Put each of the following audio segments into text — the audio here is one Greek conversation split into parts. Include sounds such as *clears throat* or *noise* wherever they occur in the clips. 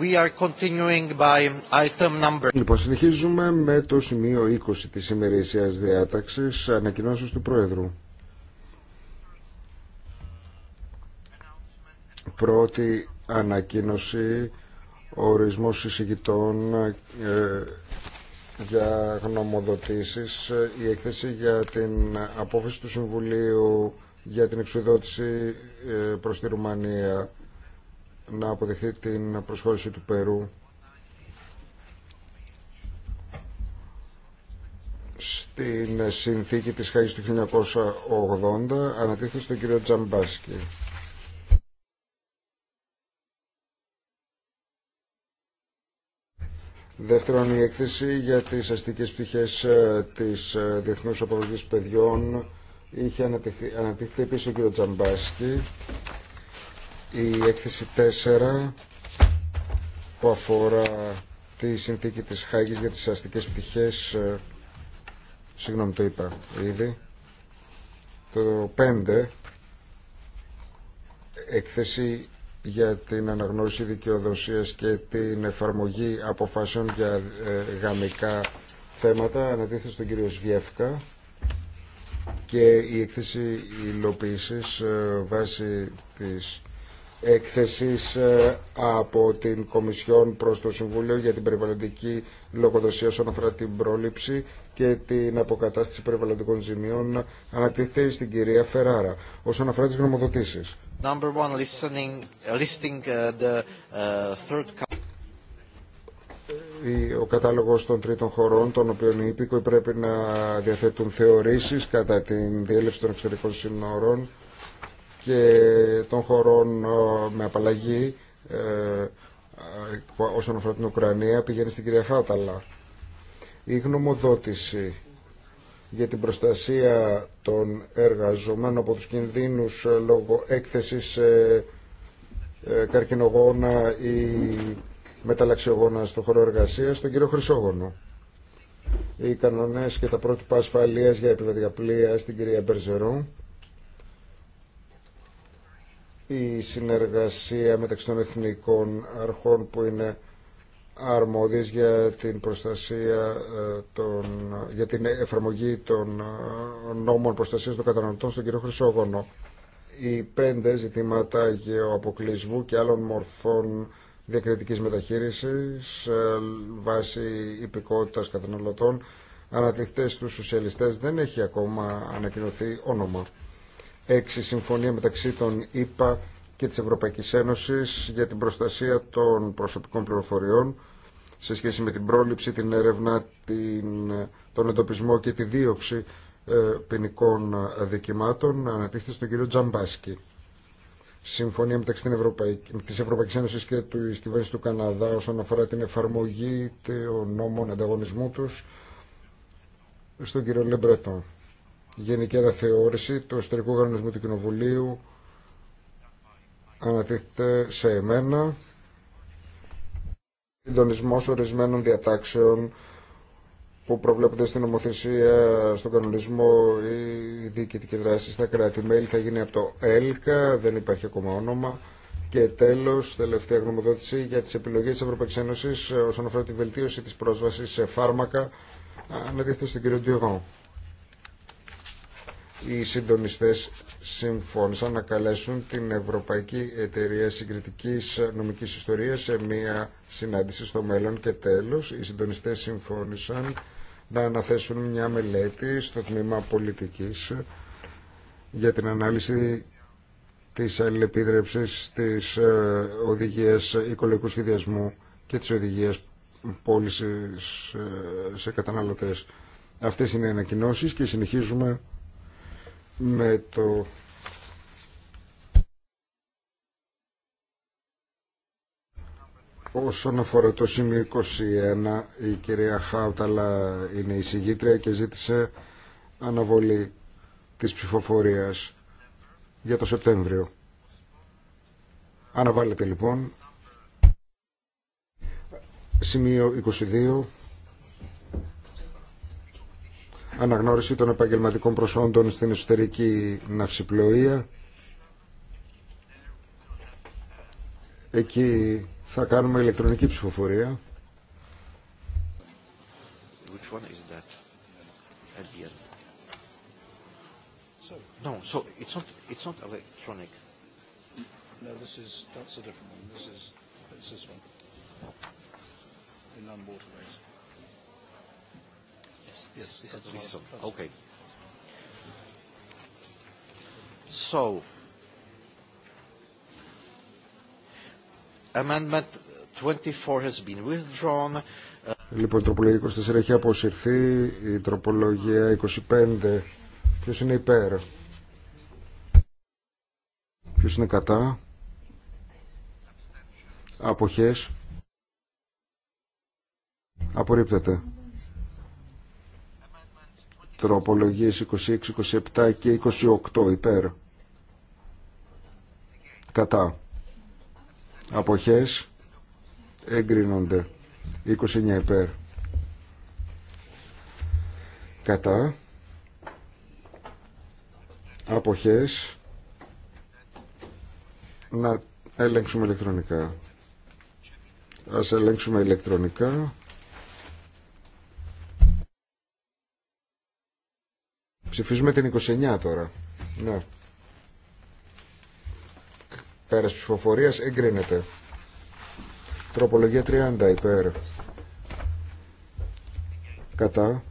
We Λοιπόν, συνεχίζουμε με το σημείο 20 της ημερήσιας διάταξης ανακοινώσεις του Πρόεδρου. Πρώτη ανακοίνωση ορισμός εισηγητών ε, για γνωμοδοτήσεις η έκθεση για την απόφαση του Συμβουλίου για την εξουδότηση ε, προς τη Ρουμανία να αποδεχθεί την προσχώρηση του Περού στην συνθήκη της Χαϊς του 1980 ανατίθεται στον κύριο Τζαμπάσκι. Δεύτερον, η έκθεση για τις αστικές πτυχές ε, της ε, Διεθνούς Απολογής Παιδιών είχε ανατίθεται επίσης ο κύριο Τζαμπάσκι η έκθεση 4 που αφορά τη συνθήκη της Χάγης για τις αστικές πτυχές ε, συγγνώμη το είπα ήδη το 5 έκθεση για την αναγνώριση δικαιοδοσίας και την εφαρμογή αποφάσεων για ε, γαμικά θέματα ανατίθεται στον κύριο Σβιεύκα και η έκθεση υλοποίησης ε, βάσει της Έκθεση ε, από την Κομισιόν προς το Συμβούλιο για την περιβαλλοντική λογοδοσία όσον αφορά την πρόληψη και την αποκατάσταση περιβαλλοντικών ζημιών ανατίθεται στην κυρία Φεράρα όσον αφορά τις γνωμοδοτήσεις. Uh, uh, ο κατάλογος των τρίτων χωρών, των οποίων οι υπήκοοι πρέπει να διαθέτουν θεωρήσεις κατά την διέλευση των εξωτερικών συνόρων και των χωρών ε, με απαλλαγή ε, ε, όσον αφορά την Ουκρανία πηγαίνει στην κυρία Χάουταλα. Η γνωμοδότηση για την προστασία των εργαζομένων από τους κινδύνους λόγω έκθεσης καρκινογόνα ή μεταλλαξιογόνα στο χώρο εργασίας, στον κύριο Χρυσόγονο. Οι κανονές και τα πρότυπα ασφαλείας για επιβατικά πλοία στην κυρία Μπερζερό η συνεργασία μεταξύ των εθνικών αρχών που είναι αρμόδιες για την προστασία ε, των, για την εφαρμογή των ε, νόμων προστασίας των καταναλωτών στον κύριο Χρυσόγωνο. Οι πέντε ζητήματα γεωαποκλεισμού και άλλων μορφών διακριτικής μεταχείρισης ε, βάσει υπηκότητας καταναλωτών αναδειχτές στους σοσιαλιστές δεν έχει ακόμα ανακοινωθεί όνομα έξι συμφωνία μεταξύ των ΗΠΑ και της Ευρωπαϊκής Ένωσης για την προστασία των προσωπικών πληροφοριών σε σχέση με την πρόληψη, την έρευνα, την, τον εντοπισμό και τη δίωξη ε, ποινικών δικημάτων ανατίθεται στον κύριο Τζαμπάσκι. Συμφωνία μεταξύ της Ευρωπαϊκή, της Ευρωπαϊκής Ένωσης και του κυβέρνησης του Καναδά όσον αφορά την εφαρμογή των νόμων ανταγωνισμού τους στον κύριο Λεμπρετόν γενική αναθεώρηση του εσωτερικού κανονισμού του Κοινοβουλίου ανατίθεται σε εμένα συντονισμό ορισμένων διατάξεων που προβλέπονται στην νομοθεσία, στον κανονισμό ή διοικητική δράση στα κράτη-μέλη θα γίνει από το ΕΛΚΑ, δεν υπάρχει ακόμα όνομα. Και τέλο, τελευταία γνωμοδότηση για τι επιλογέ τη Ευρωπαϊκή Ένωση ε, όσον αφορά τη βελτίωση τη πρόσβαση σε φάρμακα. Ανατίθεται στον κύριο Ντιογόν οι συντονιστές συμφώνησαν να καλέσουν την Ευρωπαϊκή Εταιρεία Συγκριτικής Νομικής Ιστορίας σε μία συνάντηση στο μέλλον και τέλος οι συντονιστές συμφώνησαν να αναθέσουν μια μελέτη στο τμήμα πολιτικής για την ανάλυση της αλληλεπίδρευση της ε, οδηγίας οικολογικού σχεδιασμού και της οδηγίας πώληση ε, σε καταναλωτές. Αυτές είναι οι ανακοινώσεις και συνεχίζουμε με το Όσον αφορά το σημείο 21, η κυρία Χάουταλα είναι η συγγήτρια και ζήτησε αναβολή της ψηφοφορίας για το Σεπτέμβριο. Αναβάλλεται λοιπόν. Σημείο 22 αναγνώριση των επαγγελματικών προσόντων στην εσωτερική ναυσιπλοεία. Εκεί θα κάνουμε ηλεκτρονική ψηφοφορία. Which one is that? So, no, so it's not it's not electronic. No, this is that's a different one. This is it's this one. In land waterways. Okay. So, amendment 24 has been withdrawn. Λοιπόν, η τροπολογία 24 έχει αποσυρθεί, η τροπολογία 25. Ποιος είναι υπέρ, ποιος είναι κατά, αποχές, απορρίπτεται. Τροπολογίες 26, 27 και 28 υπέρ. Κατά. Αποχές εγκρίνονται. 29 υπέρ. Κατά. Αποχές. Να ελέγξουμε ηλεκτρονικά. Ας ελέγξουμε ηλεκτρονικά. Ψηφίζουμε την 29 τώρα. Ναι. Πέρας ψηφοφορία εγκρίνεται. Τροπολογία 30 υπέρ. Κατά.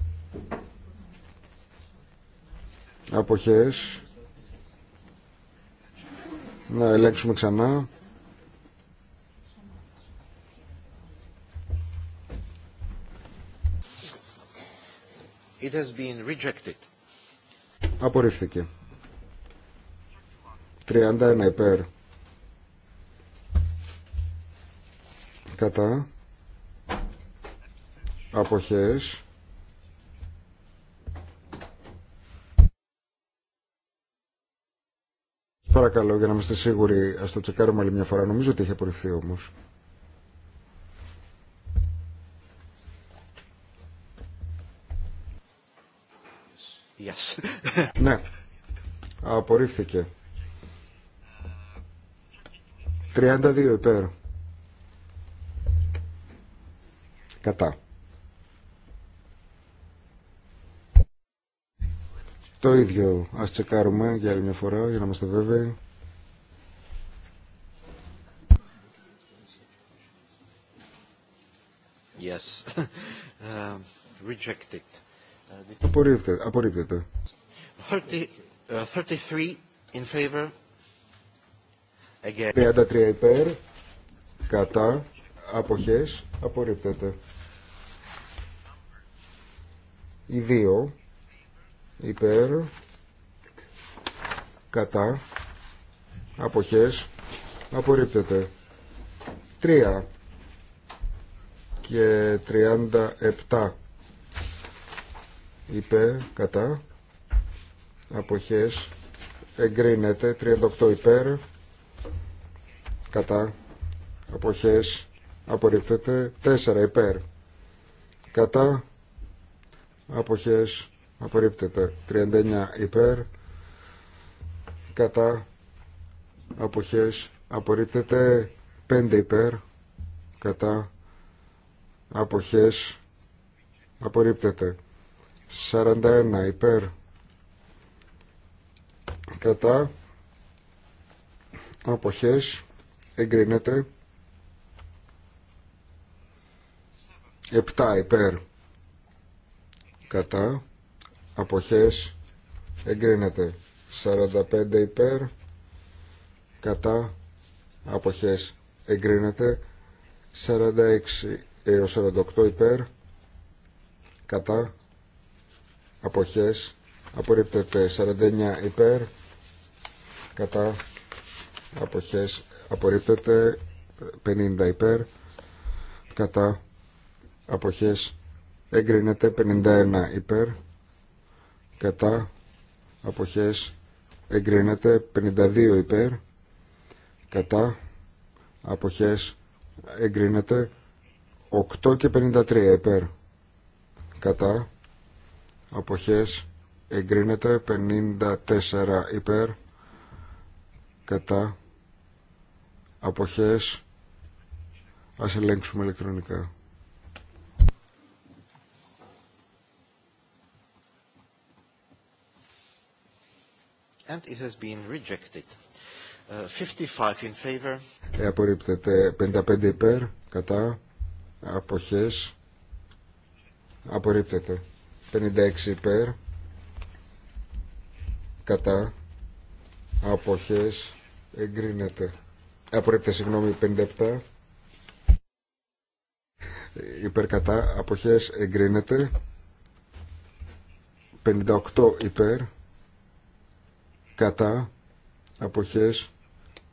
Αποχές. Να ελέγξουμε ξανά. It has been rejected. Απορρίφθηκε. 31 υπέρ. Κατά. Αποχές. Παρακαλώ για να είμαστε σίγουροι, ας το τσεκάρουμε άλλη μια φορά. Νομίζω ότι είχε απορριφθεί όμως. ναι, απορρίφθηκε. 32 υπέρ. Κατά. Το ίδιο ας τσεκάρουμε για άλλη μια φορά για να είμαστε βέβαιοι. Yes. *laughs* Uh, rejected. Απορρίπτεται. 33 uh, in favor. υπέρ. Κατά. Αποχές. Απορρίπτεται. Οι δύο. Υπέρ. Κατά. Αποχές. Απορρίπτεται. 3 και 37 υπέρ κατά αποχές εγκρίνεται 38 υπέρ κατά αποχές απορρίπτεται 4 υπέρ κατά αποχές απορρίπτεται 39 υπέρ κατά αποχές απορρίπτεται 5 υπέρ κατά αποχές απορρίπτεται 41 υπέρ κατά αποχές εγκρίνεται 7 υπέρ κατά αποχές εγκρίνεται 45 υπέρ κατά αποχές εγκρίνεται 46 έως 48 υπέρ κατά αποχές απορρίπτεται 49 υπέρ κατά αποχές απορρίπτεται 50 υπέρ κατά αποχές εγκρίνεται 51 υπέρ κατά αποχές εγκρίνεται 52 υπέρ κατά αποχές εγκρίνεται 8 και 53 υπέρ κατά αποχές εγκρίνεται 54 υπέρ κατά αποχές ας ελέγξουμε ηλεκτρονικά And it has been rejected. 55 uh, in favor. Ε, απορρίπτεται 55 υπέρ κατά αποχές απορρίπτεται 56 υπέρ κατά αποχές εγκρίνεται απορρίπτε συγγνώμη 57 υπέρ κατά αποχές εγκρίνεται 58 υπέρ κατά αποχές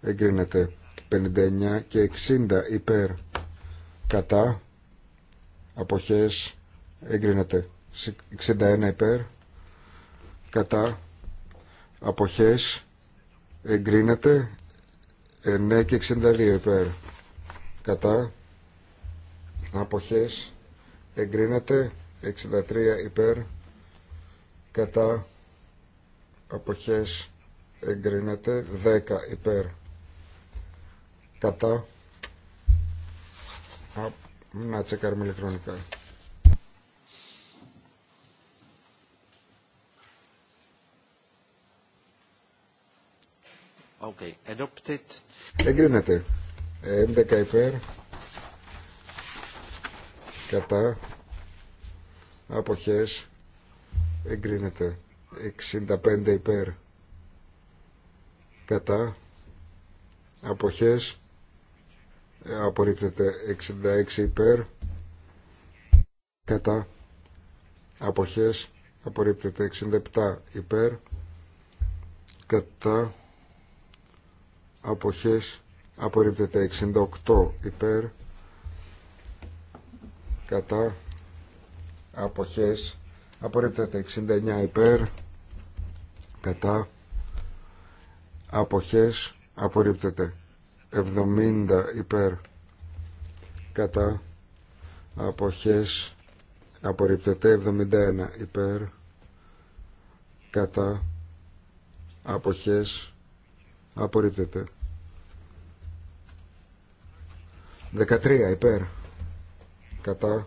εγκρίνεται 59 και 60 υπέρ κατά αποχές εγκρίνεται 61 υπέρ κατά αποχές εγκρίνεται 9 και 62 υπέρ κατά αποχές εγκρίνεται 63 υπέρ κατά αποχές εγκρίνεται 10 υπέρ κατά να τσεκάρουμε ηλεκτρονικά Okay. Adopted. Εγκρίνεται. 11 υπέρ. Κατά. Αποχές. Εγκρίνεται. 65 υπέρ. Κατά. Αποχές. Απορρίπτεται. 66 υπέρ. Κατά. Αποχές. Απορρίπτεται. 67 υπέρ. Κατά αποχές απορρίπτεται 68 υπέρ κατά αποχές απορρίπτεται 69 υπέρ κατά αποχές απορρίπτεται 70 υπέρ κατά αποχές απορρίπτεται 71 υπέρ κατά αποχές απορρίπτεται 13 υπέρ κατά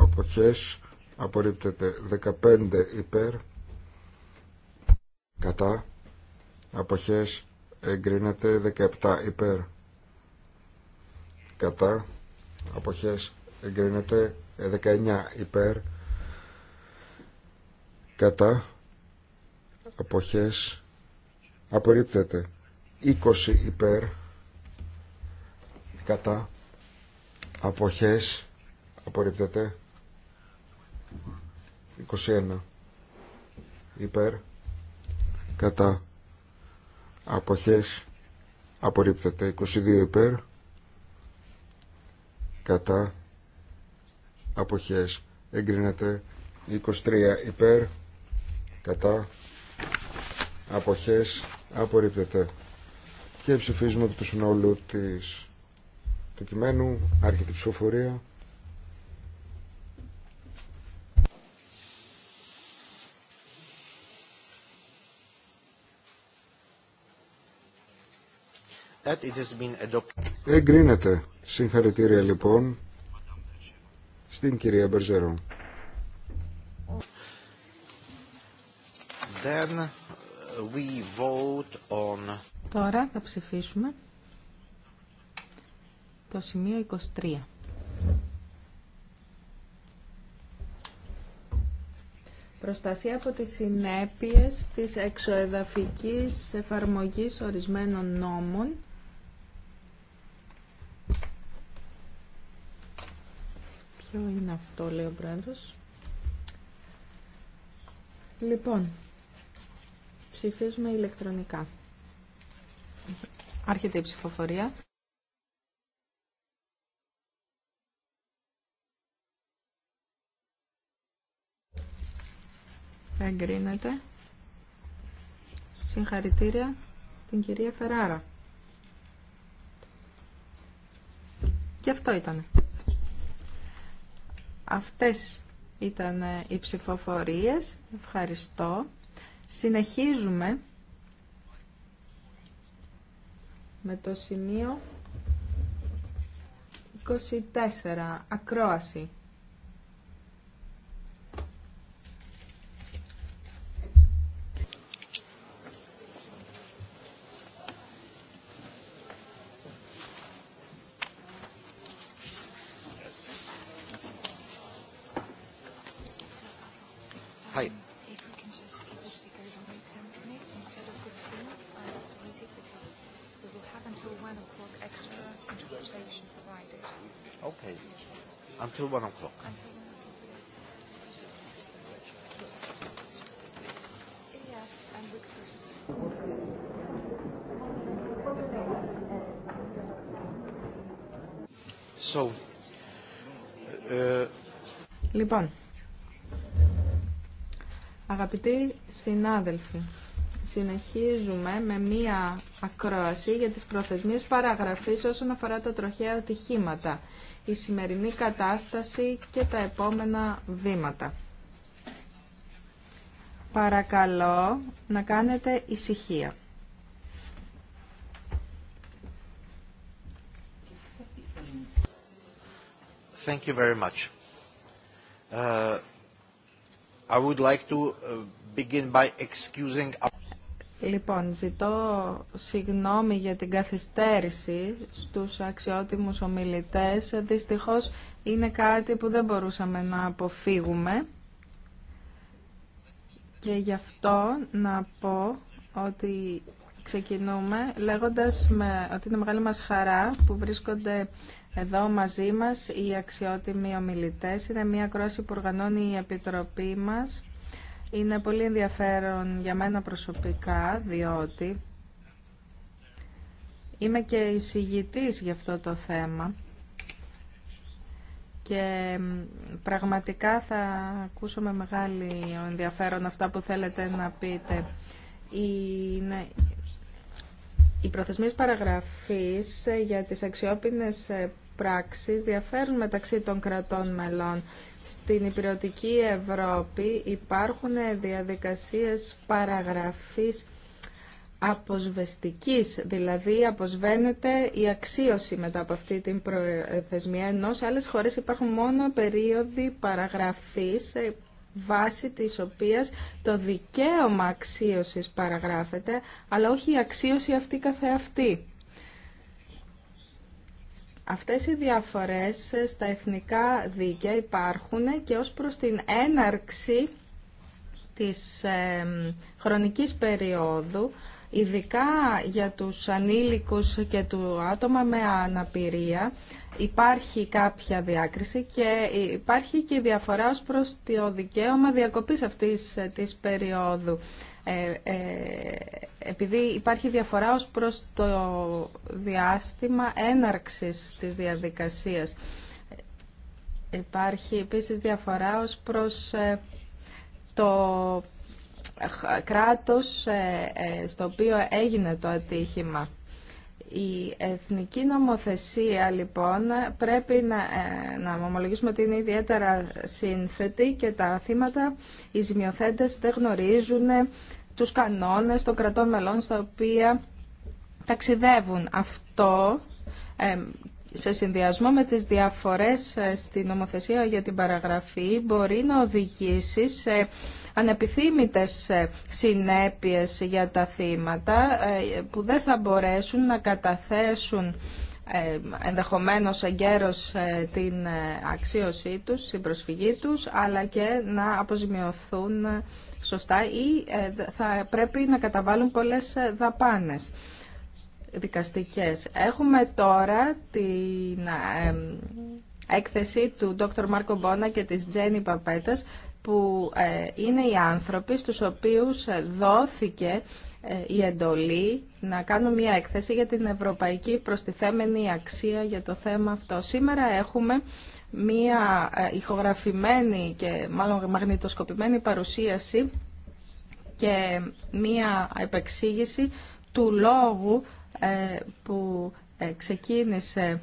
αποχές απορρίπτεται 15 υπέρ κατά αποχές εγκρίνεται 17 υπέρ κατά αποχές εγκρίνεται 19 υπέρ κατά αποχές απορρίπτεται 20 υπέρ κατά αποχές απορρίπτεται 21 υπέρ κατά αποχές απορρίπτεται 22 υπέρ κατά αποχές εγκρίνεται 23 υπέρ κατά αποχές απορρίπτεται και ψηφίζουμε του συνόλου της του κειμένου, άρχεται η ψηφοφορία. That Εγκρίνεται. Συγχαρητήρια λοιπόν στην κυρία Μπερζέρο. Then uh, we vote on... Τώρα θα ψηφίσουμε το σημείο 23. Προστασία από τις συνέπειες της εξοεδαφικής εφαρμογής ορισμένων νόμων Ποιο είναι αυτό, λέει ο πρόεδρος. Λοιπόν, ψηφίζουμε ηλεκτρονικά. Άρχεται η ψηφοφορία. Εγκρίνεται. Συγχαρητήρια στην κυρία Φεράρα. Και αυτό ήταν. Αυτές ήταν οι ψηφοφορίες. Ευχαριστώ. Συνεχίζουμε με το σημείο 24. Ακρόαση. Αγαπητοί συνάδελφοι, συνεχίζουμε με μία ακρόαση για τις προθεσμίες παραγραφής όσον αφορά τα τροχαία ατυχήματα, η σημερινή κατάσταση και τα επόμενα βήματα. Παρακαλώ να κάνετε ησυχία. Thank you very uh, Uh, λοιπόν, ζητώ συγγνώμη για την καθυστέρηση στους αξιότιμους ομιλητές. Δυστυχώς είναι κάτι που δεν μπορούσαμε να αποφύγουμε. Και γι' αυτό να πω ότι ξεκινούμε λέγοντας με, ότι είναι μεγάλη μας χαρά που βρίσκονται εδώ μαζί μας οι αξιότιμοι ομιλητές είναι μια κρόση που οργανώνει η Επιτροπή μας. Είναι πολύ ενδιαφέρον για μένα προσωπικά διότι είμαι και εισηγητής για αυτό το θέμα και πραγματικά θα ακούσω με μεγάλη ενδιαφέρον αυτά που θέλετε να πείτε. Οι προθεσμίες παραγραφής ε, για τις αξιόπινες ε, πράξεις διαφέρουν μεταξύ των κρατών μελών. Στην υπηρετική Ευρώπη υπάρχουν ε, διαδικασίες παραγραφής αποσβεστικής, δηλαδή αποσβαίνεται η αξίωση μετά από αυτή την προθεσμία, ενώ σε άλλες χώρες υπάρχουν μόνο περίοδοι παραγραφής βάση της οποίας το δικαίωμα αξίωσης παραγράφεται, αλλά όχι η αξίωση αυτή καθεαυτή. Αυτές οι διαφορές στα εθνικά δίκαια υπάρχουν και ως προς την έναρξη της χρονικής περίοδου Ειδικά για τους ανήλικους και του άτομα με αναπηρία υπάρχει κάποια διάκριση και υπάρχει και διαφορά ως προς το δικαίωμα διακοπής αυτής της περίοδου. Ε, ε, επειδή υπάρχει διαφορά ως προς το διάστημα έναρξης της διαδικασίας. Υπάρχει επίσης διαφορά ως προς ε, το κράτος ε, ε, στο οποίο έγινε το ατύχημα. Η εθνική νομοθεσία λοιπόν πρέπει να, ε, να ομολογήσουμε ότι είναι ιδιαίτερα σύνθετη και τα θύματα, οι ζημιοθέτες δεν γνωρίζουν τους κανόνες των κρατών μελών στα οποία ταξιδεύουν. Αυτό σε συνδυασμό με τις διαφορές στην νομοθεσία για την παραγραφή μπορεί να οδηγήσει σε ανεπιθύμητες ε, συνέπειες για τα θύματα ε, που δεν θα μπορέσουν να καταθέσουν ε, ενδεχομένως εγκαίρως την αξίωσή τους, την προσφυγή τους, αλλά και να αποζημιωθούν σωστά ή θα πρέπει να καταβάλουν πολλές δαπάνες δικαστικές. Έχουμε τώρα την έκθεση του Dr. Μάρκο Μπόνα και της Τζένι Παπέτας που ε, είναι οι άνθρωποι στους οποίους ε, δόθηκε ε, η εντολή να κάνουν μια έκθεση για την ευρωπαϊκή προστιθέμενη αξία για το θέμα αυτό. Σήμερα έχουμε μια ηχογραφημένη και μάλλον μαγνητοσκοπημένη παρουσίαση και μια επεξήγηση του λόγου που ξεκίνησε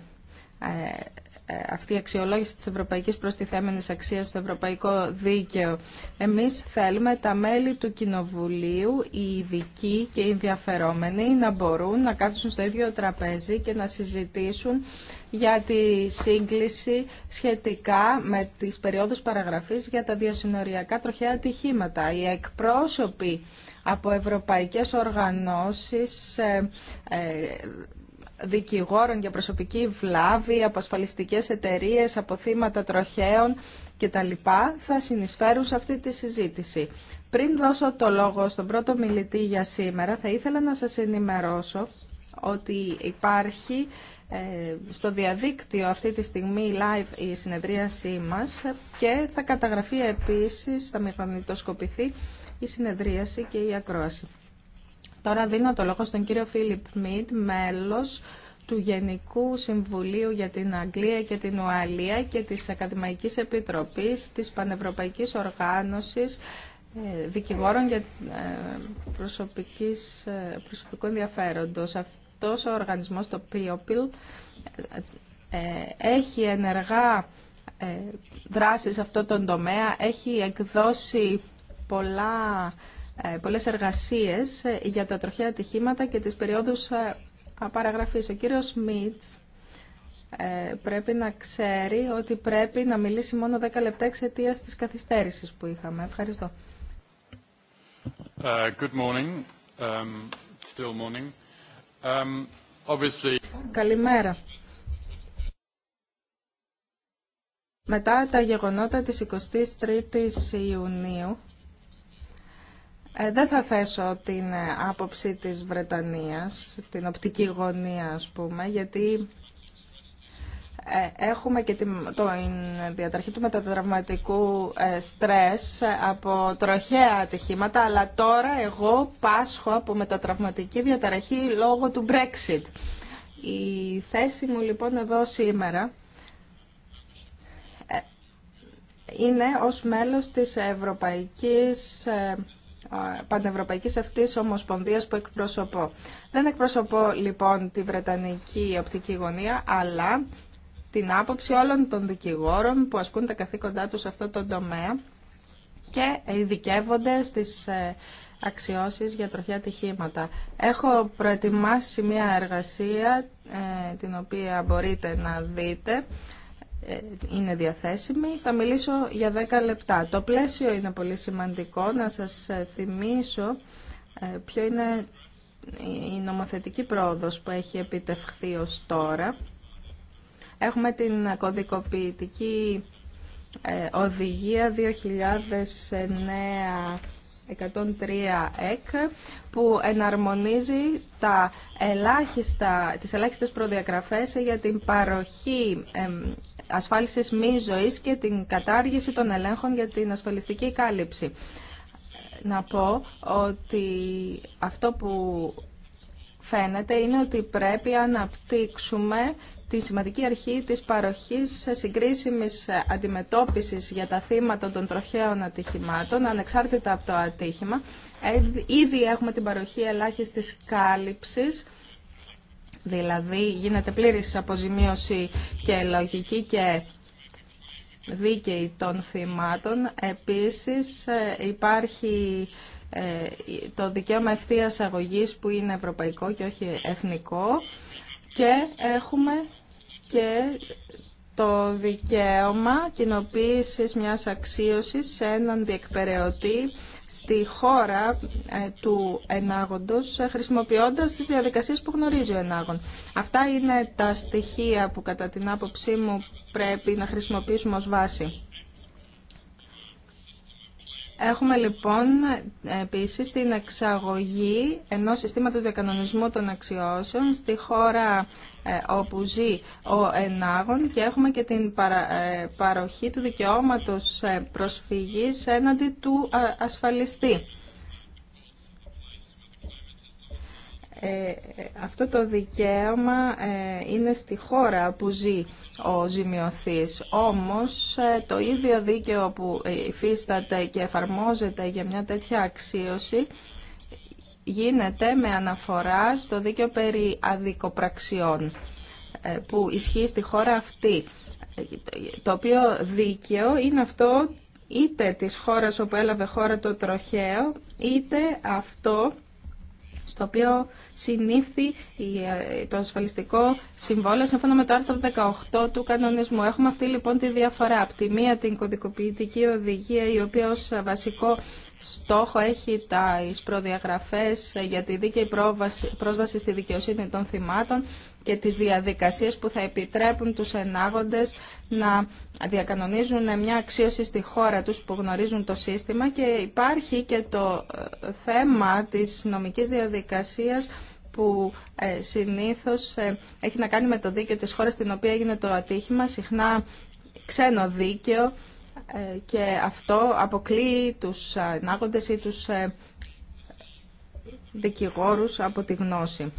αυτή η αξιολόγηση της ευρωπαϊκής προστιθέμενης αξίας στο ευρωπαϊκό δίκαιο. Εμείς θέλουμε τα μέλη του Κοινοβουλίου, οι ειδικοί και οι ενδιαφερόμενοι να μπορούν να κάτσουν στο ίδιο τραπέζι και να συζητήσουν για τη σύγκληση σχετικά με τις περιόδους παραγραφής για τα διασυνοριακά τροχαία ατυχήματα. Οι εκπρόσωποι από ευρωπαϊκές οργανώσεις ε, ε, δικηγόρων για προσωπική βλάβη, από ασφαλιστικές εταιρείες, από θύματα τροχαίων κτλ. θα συνεισφέρουν σε αυτή τη συζήτηση. Πριν δώσω το λόγο στον πρώτο μιλητή για σήμερα, θα ήθελα να σας ενημερώσω ότι υπάρχει ε, στο διαδίκτυο αυτή τη στιγμή live η συνεδρίασή μας και θα καταγραφεί επίσης, θα μηχανητοσκοπηθεί η συνεδρίαση και η ακρόαση. Τώρα δίνω το λόγο στον κύριο Φίλιπ Μιτ, μέλος του Γενικού Συμβουλίου για την Αγγλία και την Ουαλία και της Ακαδημαϊκής Επιτροπής της Πανευρωπαϊκής Οργάνωσης ε, Δικηγόρων για ε, προσωπικής, ε, προσωπικού ενδιαφέροντος. Αυτός ο οργανισμός, το POPIL, έχει ενεργά δράσει σε αυτό τον τομέα, έχει εκδώσει πολλά ε, πολλές εργασίες ε, για τα τροχαία ατυχήματα και τις περιόδους ε, απαραγραφής. Ο κύριος Σμίτ πρέπει να ξέρει ότι πρέπει να μιλήσει μόνο 10 λεπτά εξαιτία της καθυστέρησης που είχαμε. Ευχαριστώ. Um, um, Καλημέρα. Μετά τα γεγονότα της 23ης Ιουνίου, ε, δεν θα θέσω την ε, άποψη της Βρετανίας, την οπτική γωνία ας πούμε, γιατί ε, έχουμε και το διαταραχή του μετατραυματικού στρες από τροχαία ατυχήματα, αλλά τώρα εγώ πάσχω από μετατραυματική διαταραχή λόγω του Brexit. Η θέση μου λοιπόν εδώ σήμερα είναι ως μέλος της Ευρωπαϊκής πανευρωπαϊκής αυτής ομοσπονδίας που εκπροσωπώ. Δεν εκπροσωπώ λοιπόν τη Βρετανική οπτική γωνία, αλλά την άποψη όλων των δικηγόρων που ασκούν τα καθήκοντά τους σε αυτό το τομέα και ειδικεύονται στις ε, αξιώσεις για τροχιά ατυχήματα. Έχω προετοιμάσει μια εργασία ε, την οποία μπορείτε να δείτε ε, είναι διαθέσιμη. Θα μιλήσω για 10 λεπτά. Το πλαίσιο είναι πολύ σημαντικό. Να σας ε, θυμίσω ε, ποιο είναι η νομοθετική πρόοδος που έχει επιτευχθεί ως τώρα. Έχουμε την κωδικοποιητική οδηγία 2009 103 ΕΚ που εναρμονίζει τα ελάχιστα, τις ελάχιστες προδιαγραφές για την παροχή ασφάλιση μη ζωή και την κατάργηση των ελέγχων για την ασφαλιστική κάλυψη. Να πω ότι αυτό που φαίνεται είναι ότι πρέπει να αναπτύξουμε τη σημαντική αρχή της παροχής συγκρίσιμης αντιμετώπισης για τα θύματα των τροχαίων ατυχημάτων, ανεξάρτητα από το ατύχημα. Ε, ήδη έχουμε την παροχή ελάχιστης κάλυψης Δηλαδή γίνεται πλήρης αποζημίωση και λογική και δίκαιη των θυμάτων. Επίσης ε, υπάρχει ε, το δικαίωμα ευθείας αγωγής που είναι ευρωπαϊκό και όχι εθνικό και έχουμε και το δικαίωμα κοινοποίηση μιας αξίωσης σε έναν διεκπαιρεωτή στη χώρα ε, του ενάγοντος ε, χρησιμοποιώντας τις διαδικασίες που γνωρίζει ο ενάγον. Αυτά είναι τα στοιχεία που κατά την άποψή μου πρέπει να χρησιμοποιήσουμε ως βάση. Έχουμε λοιπόν επίσης την εξαγωγή ενός συστήματος διακανονισμού των αξιώσεων στη χώρα ε, όπου ζει ο ενάγων και έχουμε και την ε, παροχή του δικαιώματος ε, προσφυγής έναντι του ασφαλιστή. Ε, αυτό το δικαίωμα ε, είναι στη χώρα που ζει ο ζημιωθής. Όμως ε, το ίδιο δίκαιο που υφίσταται και εφαρμόζεται για μια τέτοια αξίωση γίνεται με αναφορά στο δίκαιο περί αδικοπραξιών που ισχύει στη χώρα αυτή. Το οποίο δίκαιο είναι αυτό είτε της χώρας όπου έλαβε χώρα το τροχαίο, είτε αυτό στο οποίο συνήφθη ε, το ασφαλιστικό συμβόλαιο σύμφωνα με το άρθρο 18 του κανονισμού. Έχουμε αυτή λοιπόν τη διαφορά. Από τη μία την κωδικοποιητική οδηγία η οποία ως βασικό στόχο έχει τα προδιαγραφές για τη δίκαιη πρόσβαση στη δικαιοσύνη των θυμάτων και τις διαδικασίες που θα επιτρέπουν τους ενάγοντες να διακανονίζουν μια αξίωση στη χώρα τους που γνωρίζουν το σύστημα και υπάρχει και το ε, θέμα της νομικής διαδικασίας που ε, συνήθως ε, έχει να κάνει με το δίκαιο της χώρας στην οποία έγινε το ατύχημα, συχνά ξένο δίκαιο και αυτό αποκλείει τους ενάγοντες ή τους δικηγόρους από τη γνώση.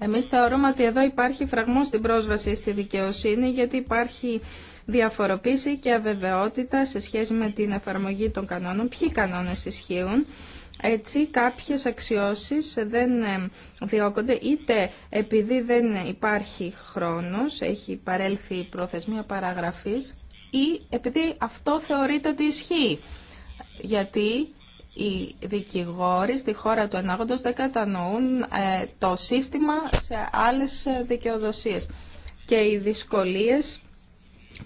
Εμείς θεωρούμε ότι εδώ υπάρχει φραγμό στην πρόσβαση στη δικαιοσύνη γιατί υπάρχει διαφοροποίηση και αβεβαιότητα σε σχέση με την εφαρμογή των κανόνων, ποιοι κανόνες ισχύουν. Έτσι κάποιες αξιώσεις δεν ε, διώκονται είτε επειδή δεν υπάρχει χρόνος, έχει παρέλθει η προθεσμία παραγραφής ή επειδή αυτό θεωρείται ότι ισχύει. Γιατί οι δικηγόροι στη χώρα του ενάγοντος δεν κατανοούν ε, το σύστημα σε άλλες δικαιοδοσίες. Και οι δυσκολίες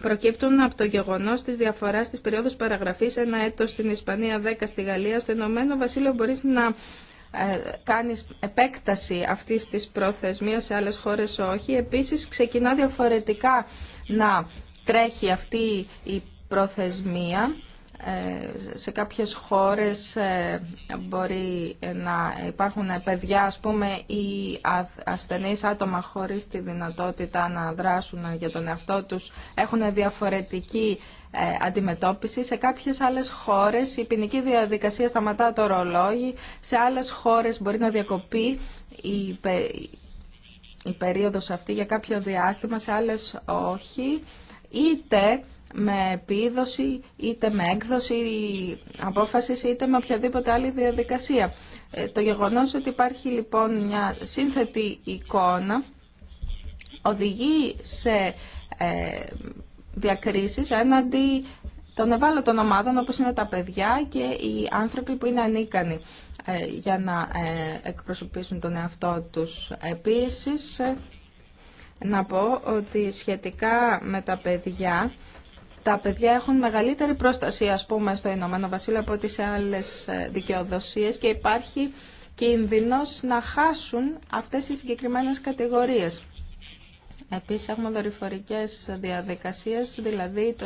προκύπτουν από το γεγονός της διαφοράς της περίοδου παραγραφής ένα έτος στην Ισπανία, 10 στη Γαλλία. Στο Ηνωμένο Βασίλειο μπορείς να ε, κάνεις επέκταση αυτής της προθεσμία σε άλλες χώρες όχι. Επίσης ξεκινά διαφορετικά να τρέχει αυτή η προθεσμία ε, σε κάποιες χώρες ε, μπορεί να υπάρχουν παιδιά, ας πούμε, ή ασθενείς άτομα χωρίς τη δυνατότητα να δράσουν για τον εαυτό τους, έχουν διαφορετική ε, αντιμετώπιση. Σε κάποιες άλλες χώρες η ποινική διαδικασία σταματά το ρολόγι, σε άλλες χώρες μπορεί να διακοπεί η, η περίοδος αυτή για κάποιο διάστημα, σε άλλες όχι. Είτε με επίδοση είτε με έκδοση απόφαση είτε με οποιαδήποτε άλλη διαδικασία. Ε, το γεγονός ότι υπάρχει λοιπόν μια σύνθετη εικόνα οδηγεί σε ε, διακρίσεις έναντι των ευάλωτων ομάδων όπως είναι τα παιδιά και οι άνθρωποι που είναι ανίκανοι ε, για να εκπροσωπήσουν τον εαυτό τους. Επίσης, να πω ότι σχετικά με τα παιδιά τα παιδιά έχουν μεγαλύτερη πρόσταση, ας πούμε, στο Ηνωμένο Βασίλειο από τις άλλες ε, δικαιοδοσίες και υπάρχει κίνδυνος να χάσουν αυτές οι συγκεκριμένες κατηγορίες. Επίσης έχουμε δορυφορικές διαδικασίες, δηλαδή το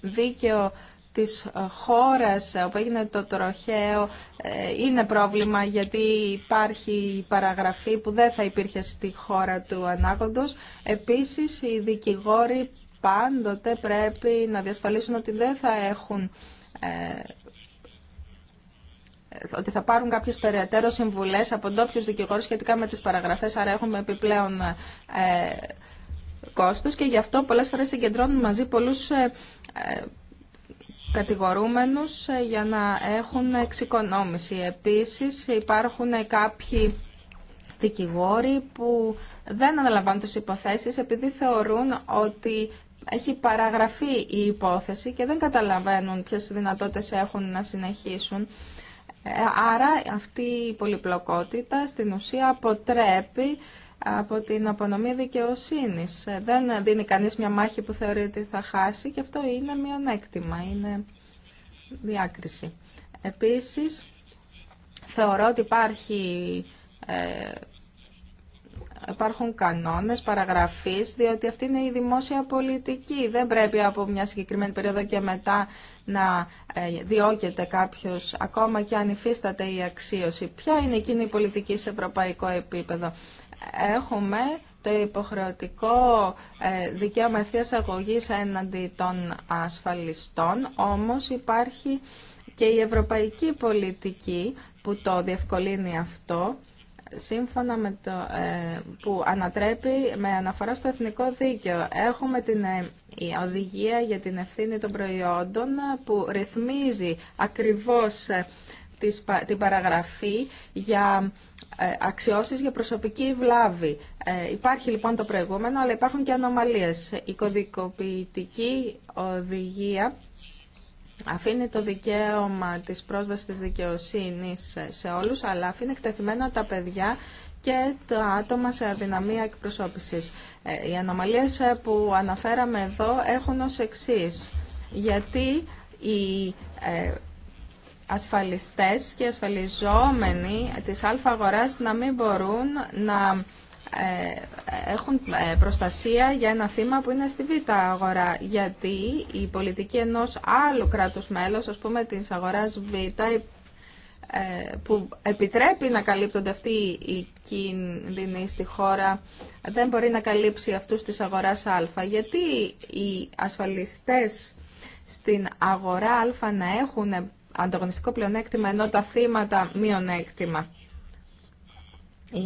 δίκαιο της ε, χώρας όπου έγινε το τροχαίο ε, είναι πρόβλημα γιατί υπάρχει παραγραφή που δεν θα υπήρχε στη χώρα του ανάγοντος. Επίσης οι δικηγόροι πάντοτε πρέπει να διασφαλίσουν ότι δεν θα έχουν ε, ότι θα πάρουν κάποιε περαιτέρω συμβουλέ από ντόπιου δικηγόρου σχετικά με τι παραγραφέ, άρα έχουμε επιπλέον ε, και γι' αυτό πολλέ φορέ συγκεντρώνουν μαζί πολλού ε, ε κατηγορούμενου ε, για να έχουν εξοικονόμηση. Επίση, υπάρχουν κάποιοι δικηγόροι που δεν αναλαμβάνουν τις υποθέσεις επειδή θεωρούν ότι έχει παραγραφεί η υπόθεση και δεν καταλαβαίνουν ποιες δυνατότητες έχουν να συνεχίσουν. Ε, άρα αυτή η πολυπλοκότητα στην ουσία αποτρέπει ε, από την απονομή δικαιοσύνη. Ε, δεν δίνει κανείς μια μάχη που θεωρεί ότι θα χάσει και αυτό είναι μειονέκτημα, είναι διάκριση. Επίσης, θεωρώ ότι υπάρχει υπάρχουν κανόνες παραγραφής, διότι αυτή είναι η δημόσια πολιτική. Δεν πρέπει από μια συγκεκριμένη περίοδο και μετά να ε, διώκεται κάποιος, ακόμα και αν υφίσταται η αξίωση. Ποια είναι εκείνη η πολιτική σε ευρωπαϊκό επίπεδο. Έχουμε το υποχρεωτικό ε, δικαίωμα ευθεία αγωγής έναντι των ασφαλιστών, όμως υπάρχει και η ευρωπαϊκή πολιτική που το διευκολύνει αυτό σύμφωνα με το, ε, που ανατρέπει με αναφορά στο εθνικό δίκαιο. Έχουμε την ε, οδηγία για την ευθύνη των προϊόντων που ρυθμίζει ακριβώς ε, την παραγραφή για αξιώσεις για προσωπική βλάβη. Υπάρχει λοιπόν το προηγούμενο, αλλά υπάρχουν και ανομαλίες. Η κωδικοποιητική οδηγία αφήνει το δικαίωμα της πρόσβασης της δικαιοσύνης σε όλους, αλλά αφήνει εκτεθειμένα τα παιδιά και τα άτομα σε αδυναμία εκπροσώπησης. Ε, οι ανομαλίες ε, που αναφέραμε εδώ έχουν ως εξής. Γιατί οι ε, ασφαλιστές και ασφαλιζόμενοι της αλφα να μην μπορούν να ε, έχουν ε, προστασία για ένα θύμα που είναι στη β' αγορά γιατί η πολιτική ενός άλλου κράτους μέλος, ας πούμε της αγοράς β' ε, που επιτρέπει να καλύπτονται αυτοί οι κίνδυνοι στη χώρα δεν μπορεί να καλύψει αυτούς της αγοράς α γιατί οι ασφαλιστές στην αγορά α να έχουν ανταγωνιστικό πλεονέκτημα ενώ τα θύματα μειονέκτημα. Η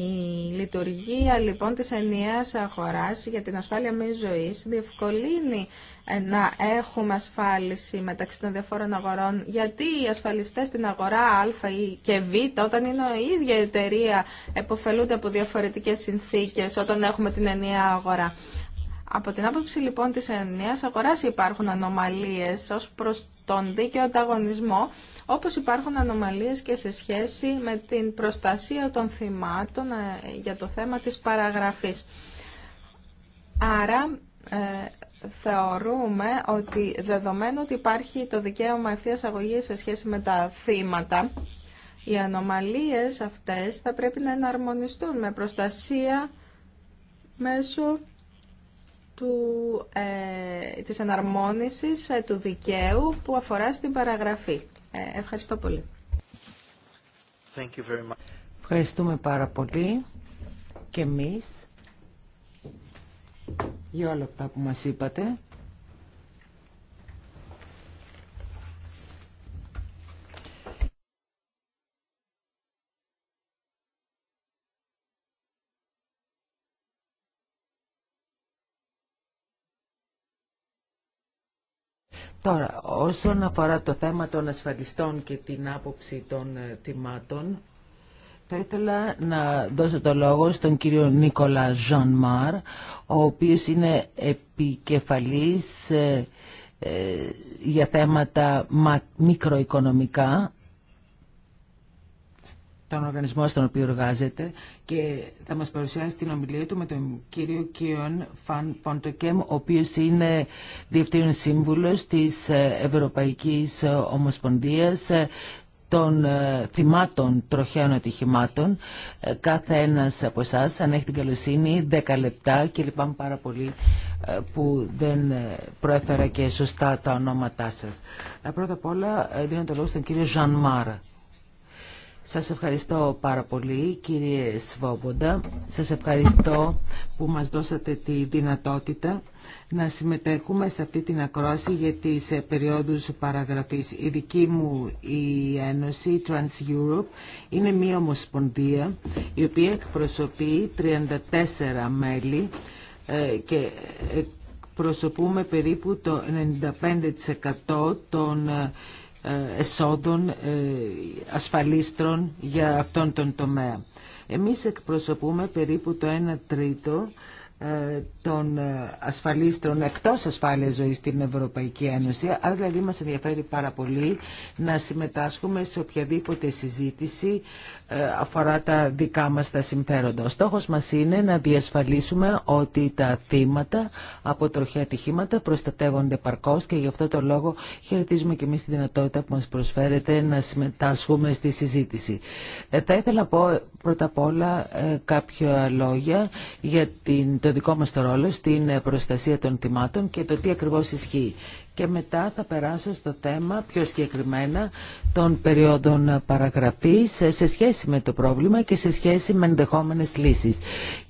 λειτουργία λοιπόν της ενιαίας αγοράς για την ασφάλεια μη ζωής διευκολύνει ε, να έχουμε ασφάλιση μεταξύ των διαφόρων αγορών γιατί οι ασφαλιστές στην αγορά Α και Β όταν είναι η ίδια εταιρεία εποφελούνται από διαφορετικές συνθήκες όταν έχουμε την ενιαία αγορά. Από την άποψη λοιπόν της ενιαίας αγοράς υπάρχουν ανομαλίες ως προς τον δίκαιο ανταγωνισμό, όπως υπάρχουν ανομαλίες και σε σχέση με την προστασία των θυμάτων ε, για το θέμα της παραγραφής. Άρα, ε, θεωρούμε ότι δεδομένου ότι υπάρχει το δικαίωμα ευθείας αγωγής σε σχέση με τα θύματα, οι ανομαλίες αυτές θα πρέπει να εναρμονιστούν με προστασία μέσω του, ε, της εναρμόνισης ε, του δικαίου που αφορά στην παραγραφή. Ε, ευχαριστώ πολύ. Thank you very much. Ευχαριστούμε πάρα πολύ και εμείς για όλα αυτά που μας είπατε. Τώρα, όσον αφορά το θέμα των ασφαλιστών και την άποψη των ε, θυμάτων, θα ήθελα να δώσω το λόγο στον κύριο Νίκολα Ζων Μαρ, ο οποίος είναι επικεφαλής ε, ε, για θέματα μικροοικονομικά τον οργανισμό στον οποίο εργάζεται και θα μας παρουσιάσει την ομιλία του με τον κύριο Κίον Φαν ο οποίος είναι διευθύνων σύμβουλος της ε, Ευρωπαϊκής Ομοσπονδίας ε, των ε, θυμάτων τροχαίων ατυχημάτων. Κάθε ένας από εσά, αν έχει την καλοσύνη, 10 λεπτά και λυπάμαι πάρα πολύ που δεν προέφερα και σωστά τα ονόματά σας. Πρώτα απ' όλα δίνω το λόγο στον κύριο Ζαν σας ευχαριστώ πάρα πολύ κύριε Σβόμποντα. Σας ευχαριστώ που μας δώσατε τη δυνατότητα να συμμετέχουμε σε αυτή την ακρόαση για τις ε, περιόδους παραγραφής. Η δική μου η Ένωση Trans Europe είναι μία ομοσπονδία η οποία εκπροσωπεί 34 μέλη ε, και εκπροσωπούμε περίπου το 95% των ε, εσόδων ε, ασφαλίστρων για αυτόν τον τομέα. Εμείς εκπροσωπούμε περίπου το 1 τρίτο ε, των ασφαλίστρων εκτός ασφάλειας ζωής στην Ευρωπαϊκή Ένωση. αλλά δηλαδή μας ενδιαφέρει πάρα πολύ να συμμετάσχουμε σε οποιαδήποτε συζήτηση ε, αφορά τα δικά μας τα συμφέροντα. Ο στόχος μας είναι να διασφαλίσουμε ότι τα θύματα από τροχιά ατυχήματα προστατεύονται παρκώς και γι' αυτό το λόγο χαιρετίζουμε και εμείς τη δυνατότητα που μας προσφέρεται να συμμετάσχουμε στη συζήτηση. Ε, θα ήθελα να πω πρώτα απ' όλα κάποια λόγια για την, το το δικό μας το ρόλο στην ε, προστασία των τιμάτων και το τι ακριβώς ισχύει και μετά θα περάσω στο θέμα πιο συγκεκριμένα των περίοδων παραγραφής σε σχέση με το πρόβλημα και σε σχέση με ενδεχόμενες λύσεις.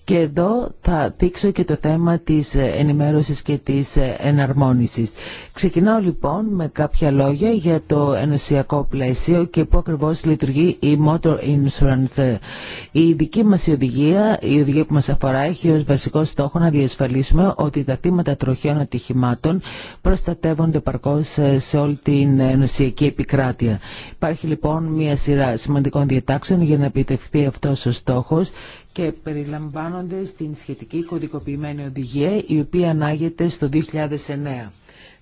Και εδώ θα δείξω και το θέμα της ενημέρωσης και της εναρμόνισης. Ξεκινάω λοιπόν με κάποια λόγια για το ενωσιακό πλαίσιο και πού ακριβώ λειτουργεί η Motor Insurance. Η δική μας οδηγία, η οδηγία που μας αφορά, έχει ως βασικό στόχο να διασφαλίσουμε ότι τα θύματα τροχαίων ατυχημάτων ε, σε όλη την ενωσιακή επικράτεια. Υπάρχει λοιπόν μια σειρά σημαντικών διατάξεων για να επιτευχθεί αυτός ο στόχος και περιλαμβάνονται στην σχετική κωδικοποιημένη οδηγία η οποία ανάγεται στο 2009.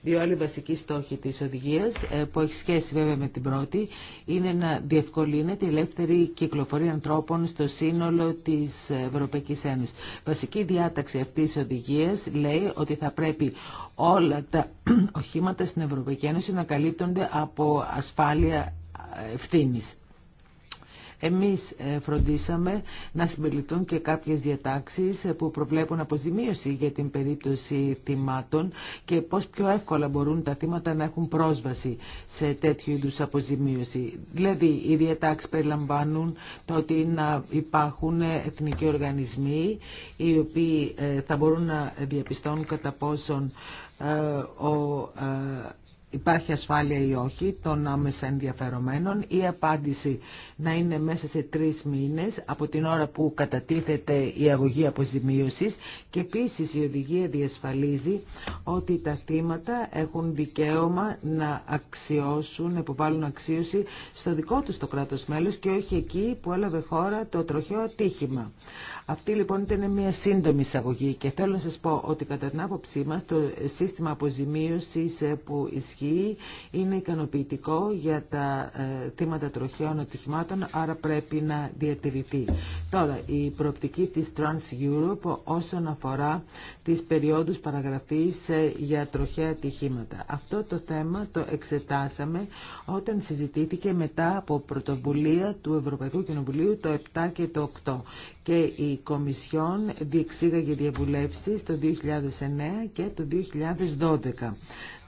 Δύο άλλοι βασικοί στόχοι της οδηγίας, ε, που έχει σχέση βέβαια με την πρώτη, είναι να διευκολύνεται η ελεύθερη κυκλοφορία ανθρώπων στο σύνολο της Ευρωπαϊκής Ένωσης. Βασική διάταξη αυτής της οδηγίας λέει ότι θα πρέπει όλα τα *clears throat* οχήματα στην Ευρωπαϊκή Ένωση να καλύπτονται από ασφάλεια ευθύνης. Εμείς ε, φροντίσαμε να συμπεριληφθούν και κάποιες διατάξεις ε, που προβλέπουν αποζημίωση για την περίπτωση θυμάτων και πώς πιο εύκολα μπορούν τα θύματα να έχουν πρόσβαση σε τέτοιου είδους αποζημίωση. Δηλαδή, οι διατάξεις περιλαμβάνουν το ότι να υπάρχουν εθνικοί οργανισμοί οι οποίοι ε, θα μπορούν να διαπιστώνουν κατά πόσον ο υπάρχει ασφάλεια ή όχι των άμεσα ενδιαφερομένων. Η απάντηση να είναι μέσα σε τρεις μήνες από την ώρα που κατατίθεται η αγωγή αποζημίωσης και επίσης η οδηγία διασφαλίζει ότι τα θύματα έχουν δικαίωμα να αξιώσουν, να υποβάλουν αξίωση στο δικό τους το κράτος μέλος και όχι εκεί που έλαβε χώρα το τροχαίο ατύχημα. Αυτή λοιπόν ήταν μια σύντομη εισαγωγή και θέλω να σας πω ότι κατά την άποψή μας το σύστημα αποζημίωσης που ισχύει είναι ικανοποιητικό για τα ε, θύματα τροχαίων ατυχημάτων, άρα πρέπει να διατηρηθεί. Τώρα, η προοπτική της Trans Europe όσον αφορά τις περιόδους παραγραφής ε, για τροχαία ατυχήματα. Αυτό το θέμα το εξετάσαμε όταν συζητήθηκε μετά από πρωτοβουλία του Ευρωπαϊκού Κοινοβουλίου το 7 και το 8 και η Κομισιόν διεξήγαγε διαβουλεύσεις το 2009 και το 2012.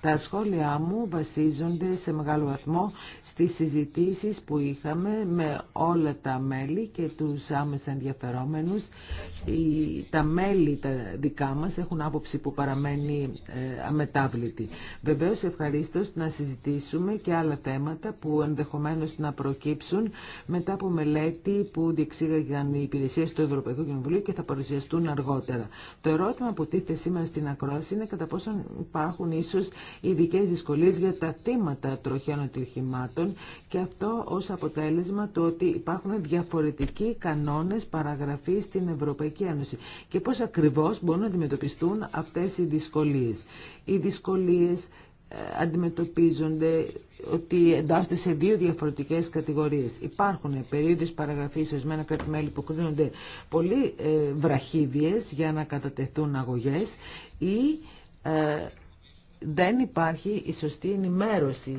Τα σχόλιά μου βασίζονται σε μεγάλο βαθμό στις συζητήσεις που είχαμε με όλα τα μέλη και τους άμεσα ενδιαφερόμενους. Τα μέλη τα δικά μας έχουν άποψη που παραμένει ε, αμετάβλητη. Βεβαίως ευχαρίστω να συζητήσουμε και άλλα θέματα που ενδεχομένως να προκύψουν μετά από μελέτη που διεξήγαγαν οι υπηρεσίες στο του Ευρωπαϊκού Κοινοβουλίου και θα παρουσιαστούν αργότερα. Το ερώτημα που τίθεται σήμερα στην ακρόαση είναι κατά πόσον υπάρχουν ίσως ειδικέ δυσκολίε για τα θύματα τροχιών ατυχημάτων και αυτό ως αποτέλεσμα του ότι υπάρχουν διαφορετικοί κανόνες παραγραφή στην Ευρωπαϊκή Ένωση και πώς ακριβώς μπορούν να αντιμετωπιστούν αυτέ οι δυσκολίε. Οι δυσκολίε ε, αντιμετωπίζονται ότι εντάσσονται σε δύο διαφορετικές κατηγορίες. Υπάρχουν περίοδες παραγραφή σε σωσμένα κράτη-μέλη που κρίνονται πολύ ε, για να κατατεθούν αγωγέ ή ε, δεν υπάρχει η σωστή ενημέρωση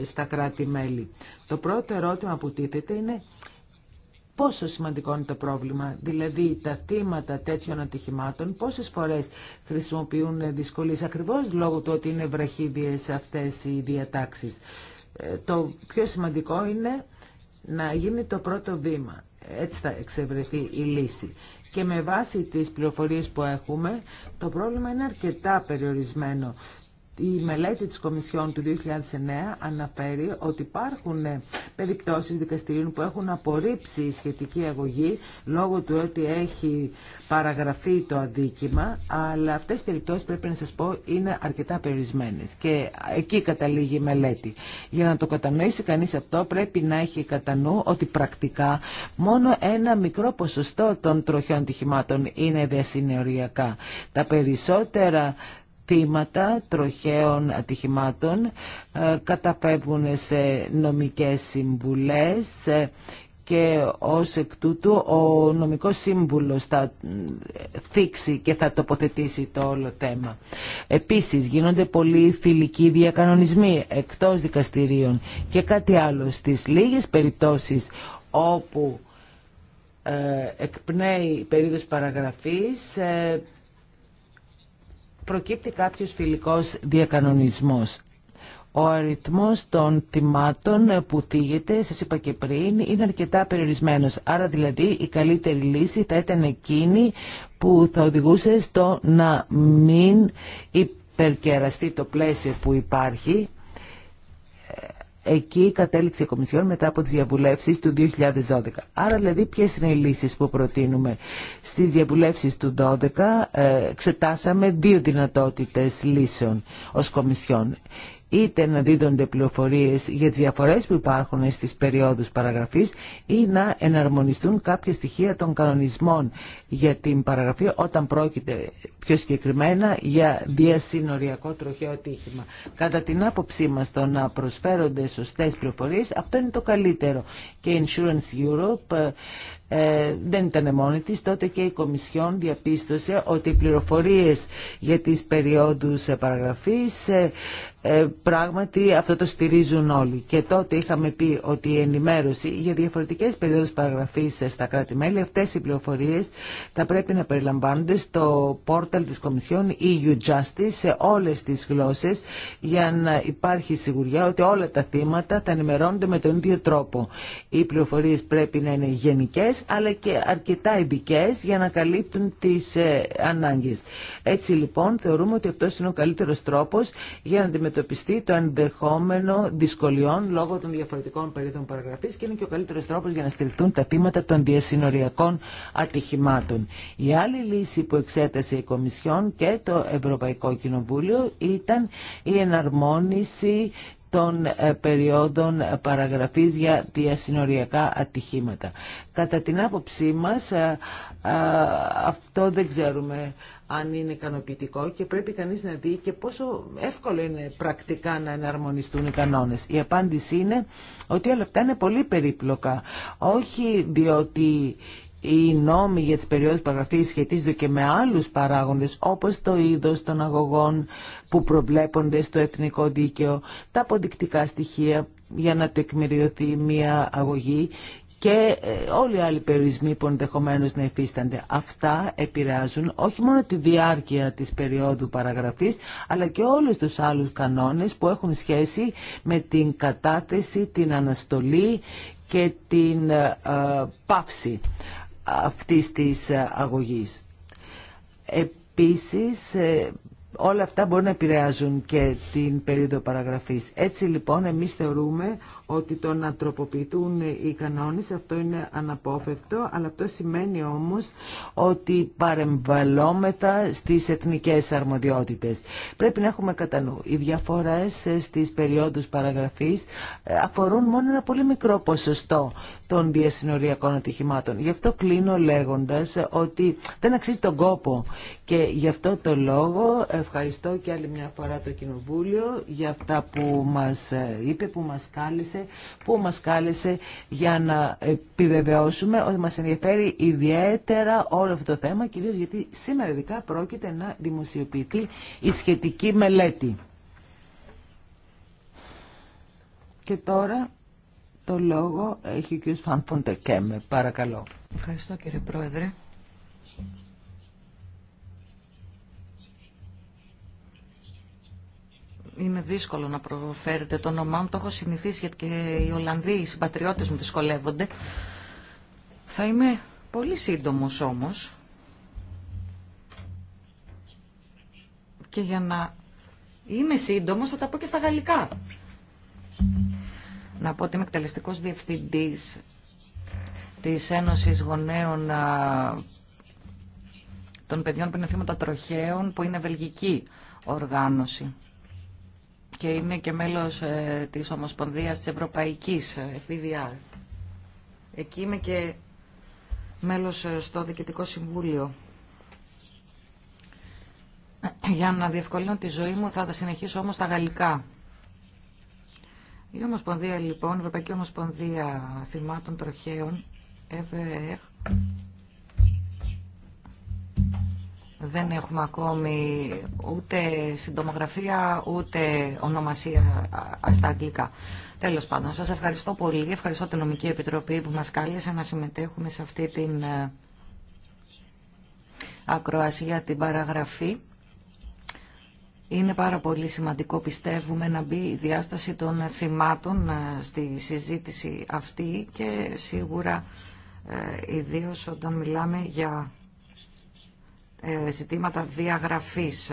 ε, στα κράτη-μέλη. Το πρώτο ερώτημα που τίθεται είναι πόσο σημαντικό είναι το πρόβλημα. Δηλαδή τα θύματα τέτοιων ατυχημάτων πόσες φορές χρησιμοποιούν δυσκολίες ακριβώς λόγω του ότι είναι βραχίδιες αυτές οι διατάξεις. Ε, το πιο σημαντικό είναι να γίνει το πρώτο βήμα. Έτσι θα εξευρεθεί η λύση. Και με βάση τις πληροφορίες που έχουμε, το πρόβλημα είναι αρκετά περιορισμένο η μελέτη της Κομισιόν του 2009 αναφέρει ότι υπάρχουν ε, περιπτώσεις δικαστηρίων που έχουν απορρίψει η σχετική αγωγή λόγω του ότι έχει παραγραφεί το αδίκημα, αλλά αυτές οι περιπτώσεις πρέπει να σας πω είναι αρκετά περιορισμένες και εκεί καταλήγει η μελέτη. Για να το κατανοήσει κανείς αυτό πρέπει να έχει κατά νου ότι πρακτικά μόνο ένα μικρό ποσοστό των τροχιών τυχημάτων είναι διασυνεωριακά. Τα περισσότερα θύματα τροχαίων ατυχημάτων, ε, καταπέμπουν σε νομικές συμβουλές ε, και ως εκ τούτου ο νομικός σύμβουλος θα ε, θίξει και θα τοποθετήσει το όλο θέμα. Επίσης γίνονται πολύ φιλικοί διακανονισμοί εκτός δικαστηρίων και κάτι άλλο στις λίγες περιπτώσεις όπου εκπνέει περίοδος παραγραφής προκύπτει κάποιος φιλικός διακανονισμός. Ο αριθμός των θυμάτων που θίγεται, σας είπα και πριν, είναι αρκετά περιορισμένος. Άρα δηλαδή η καλύτερη λύση θα ήταν εκείνη που θα οδηγούσε στο να μην υπερκεραστεί το πλαίσιο που υπάρχει Εκεί κατέληξε η Κομισιόν μετά από τις διαβουλεύσεις του 2012. Άρα δηλαδή ποιες είναι οι λύσεις που προτείνουμε. Στις διαβουλεύσεις του 2012 ε, εξετάσαμε δύο δυνατότητες λύσεων ως Κομισιόν είτε να δίδονται πληροφορίες για τις διαφορές που υπάρχουν στις περιόδους παραγραφής ή να εναρμονιστούν κάποια στοιχεία των κανονισμών για την παραγραφή όταν πρόκειται πιο συγκεκριμένα για διασυνοριακό τροχαίο ατύχημα. Κατά την άποψή μας το να προσφέρονται σωστές πληροφορίες αυτό είναι το καλύτερο και η Insurance Europe ε, δεν ήταν μόνη τη, Τότε και η Κομισιόν διαπίστωσε ότι οι πληροφορίες για τις περιόδους ε, παραγραφής ε, ε, πράγματι αυτό το στηρίζουν όλοι. Και τότε είχαμε πει ότι η ενημέρωση για διαφορετικές περιόδους παραγραφής στα κράτη-μέλη, αυτές οι πληροφορίες θα πρέπει να περιλαμβάνονται στο πόρταλ της Κομισιόν EU Justice σε όλες τις γλώσσες για να υπάρχει σιγουριά ότι όλα τα θύματα θα ενημερώνονται με τον ίδιο τρόπο. Οι πληροφορίες πρέπει να είναι γενικές αλλά και αρκετά ειδικέ για να καλύπτουν τις ε, ανάγκες. Έτσι λοιπόν θεωρούμε ότι αυτός είναι ο καλύτερος τρόπος για να αντιμετωπιστεί το ενδεχόμενο δυσκολιών λόγω των διαφορετικών περίοδων παραγραφής και είναι και ο καλύτερος τρόπος για να στηριχθούν τα θύματα των διασυνοριακών ατυχημάτων. Η άλλη λύση που εξέτασε η Κομισιόν και το Ευρωπαϊκό Κοινοβούλιο ήταν η εναρμόνιση των ε, περιόδων παραγραφής για διασυνοριακά ατυχήματα. Κατά την άποψή μας ε, ε, αυτό δεν ξέρουμε αν είναι ικανοποιητικό και πρέπει κανείς να δει και πόσο εύκολο είναι πρακτικά να εναρμονιστούν οι κανόνες. Η απάντηση είναι ότι όλα αυτά είναι πολύ περίπλοκα. Όχι διότι οι νόμοι για τις περιόδους παραγραφής σχετίζονται και με άλλους παράγοντες όπως το είδος των αγωγών που προβλέπονται στο εθνικό δίκαιο, τα αποδεικτικά στοιχεία για να τεκμηριωθεί μια αγωγή και ε, όλοι οι άλλοι περιορισμοί που ενδεχομένω να υφίστανται. Αυτά επηρεάζουν όχι μόνο τη διάρκεια της περίοδου παραγραφής, αλλά και όλους τους άλλους κανόνες που έχουν σχέση με την κατάθεση, την αναστολή και την ε, ε, πάυση αυτής της αγωγής. Επίσης, όλα αυτά μπορούν να επηρεάζουν και την περίοδο παραγραφής. Έτσι λοιπόν εμείς θεωρούμε ότι το να τροποποιηθούν οι κανόνες αυτό είναι αναπόφευκτο, αλλά αυτό σημαίνει όμως ότι παρεμβαλόμεθα στις εθνικές αρμοδιότητες. Πρέπει να έχουμε κατά νου. Οι διαφορές στις περιόδους παραγραφής αφορούν μόνο ένα πολύ μικρό ποσοστό των διασυνοριακών ατυχημάτων. Γι' αυτό κλείνω λέγοντας ότι δεν αξίζει τον κόπο και γι' αυτό το λόγο ευχαριστώ και άλλη μια φορά το Κοινοβούλιο για αυτά που μας είπε, που μας κάλεσε που μας κάλεσε για να επιβεβαιώσουμε ότι μας ενδιαφέρει ιδιαίτερα όλο αυτό το θέμα, κυρίως γιατί σήμερα ειδικά πρόκειται να δημοσιοποιηθεί η σχετική μελέτη. Και τώρα το λόγο έχει ο κ. Φανφοντεκέμε. Παρακαλώ. Ευχαριστώ κύριε Πρόεδρε. είναι δύσκολο να προφέρετε το όνομά μου, το έχω συνηθίσει γιατί και οι Ολλανδοί, οι συμπατριώτες μου δυσκολεύονται. Θα είμαι πολύ σύντομο όμως και για να είμαι σύντομο, θα τα πω και στα γαλλικά. Να πω ότι είμαι εκτελεστικό διευθυντή της Ένωσης Γονέων των Παιδιών τα Τροχαίων που είναι βελγική οργάνωση και είναι και μέλος ε, της Ομοσπονδίας της Ευρωπαϊκής ε, FBVR. Εκεί είμαι και μέλος ε, στο Διοικητικό Συμβούλιο. Για να διευκολύνω τη ζωή μου θα τα συνεχίσω όμως τα γαλλικά. Η Ομοσπονδία λοιπόν, η Ευρωπαϊκή Ομοσπονδία Θυμάτων Τροχαίων, ΕΒΕΡ... Δεν έχουμε ακόμη ούτε συντομογραφία, ούτε ονομασία στα αγγλικά. Τέλος πάντων, σας ευχαριστώ πολύ. Ευχαριστώ την Νομική Επιτροπή που μας κάλεσε να συμμετέχουμε σε αυτή την ε, ακροασία, την παραγραφή. Είναι πάρα πολύ σημαντικό, πιστεύουμε, να μπει η διάσταση των θυμάτων ε, στη συζήτηση αυτή και σίγουρα ε, ιδίως όταν μιλάμε για ε, ζητήματα διαγραφής.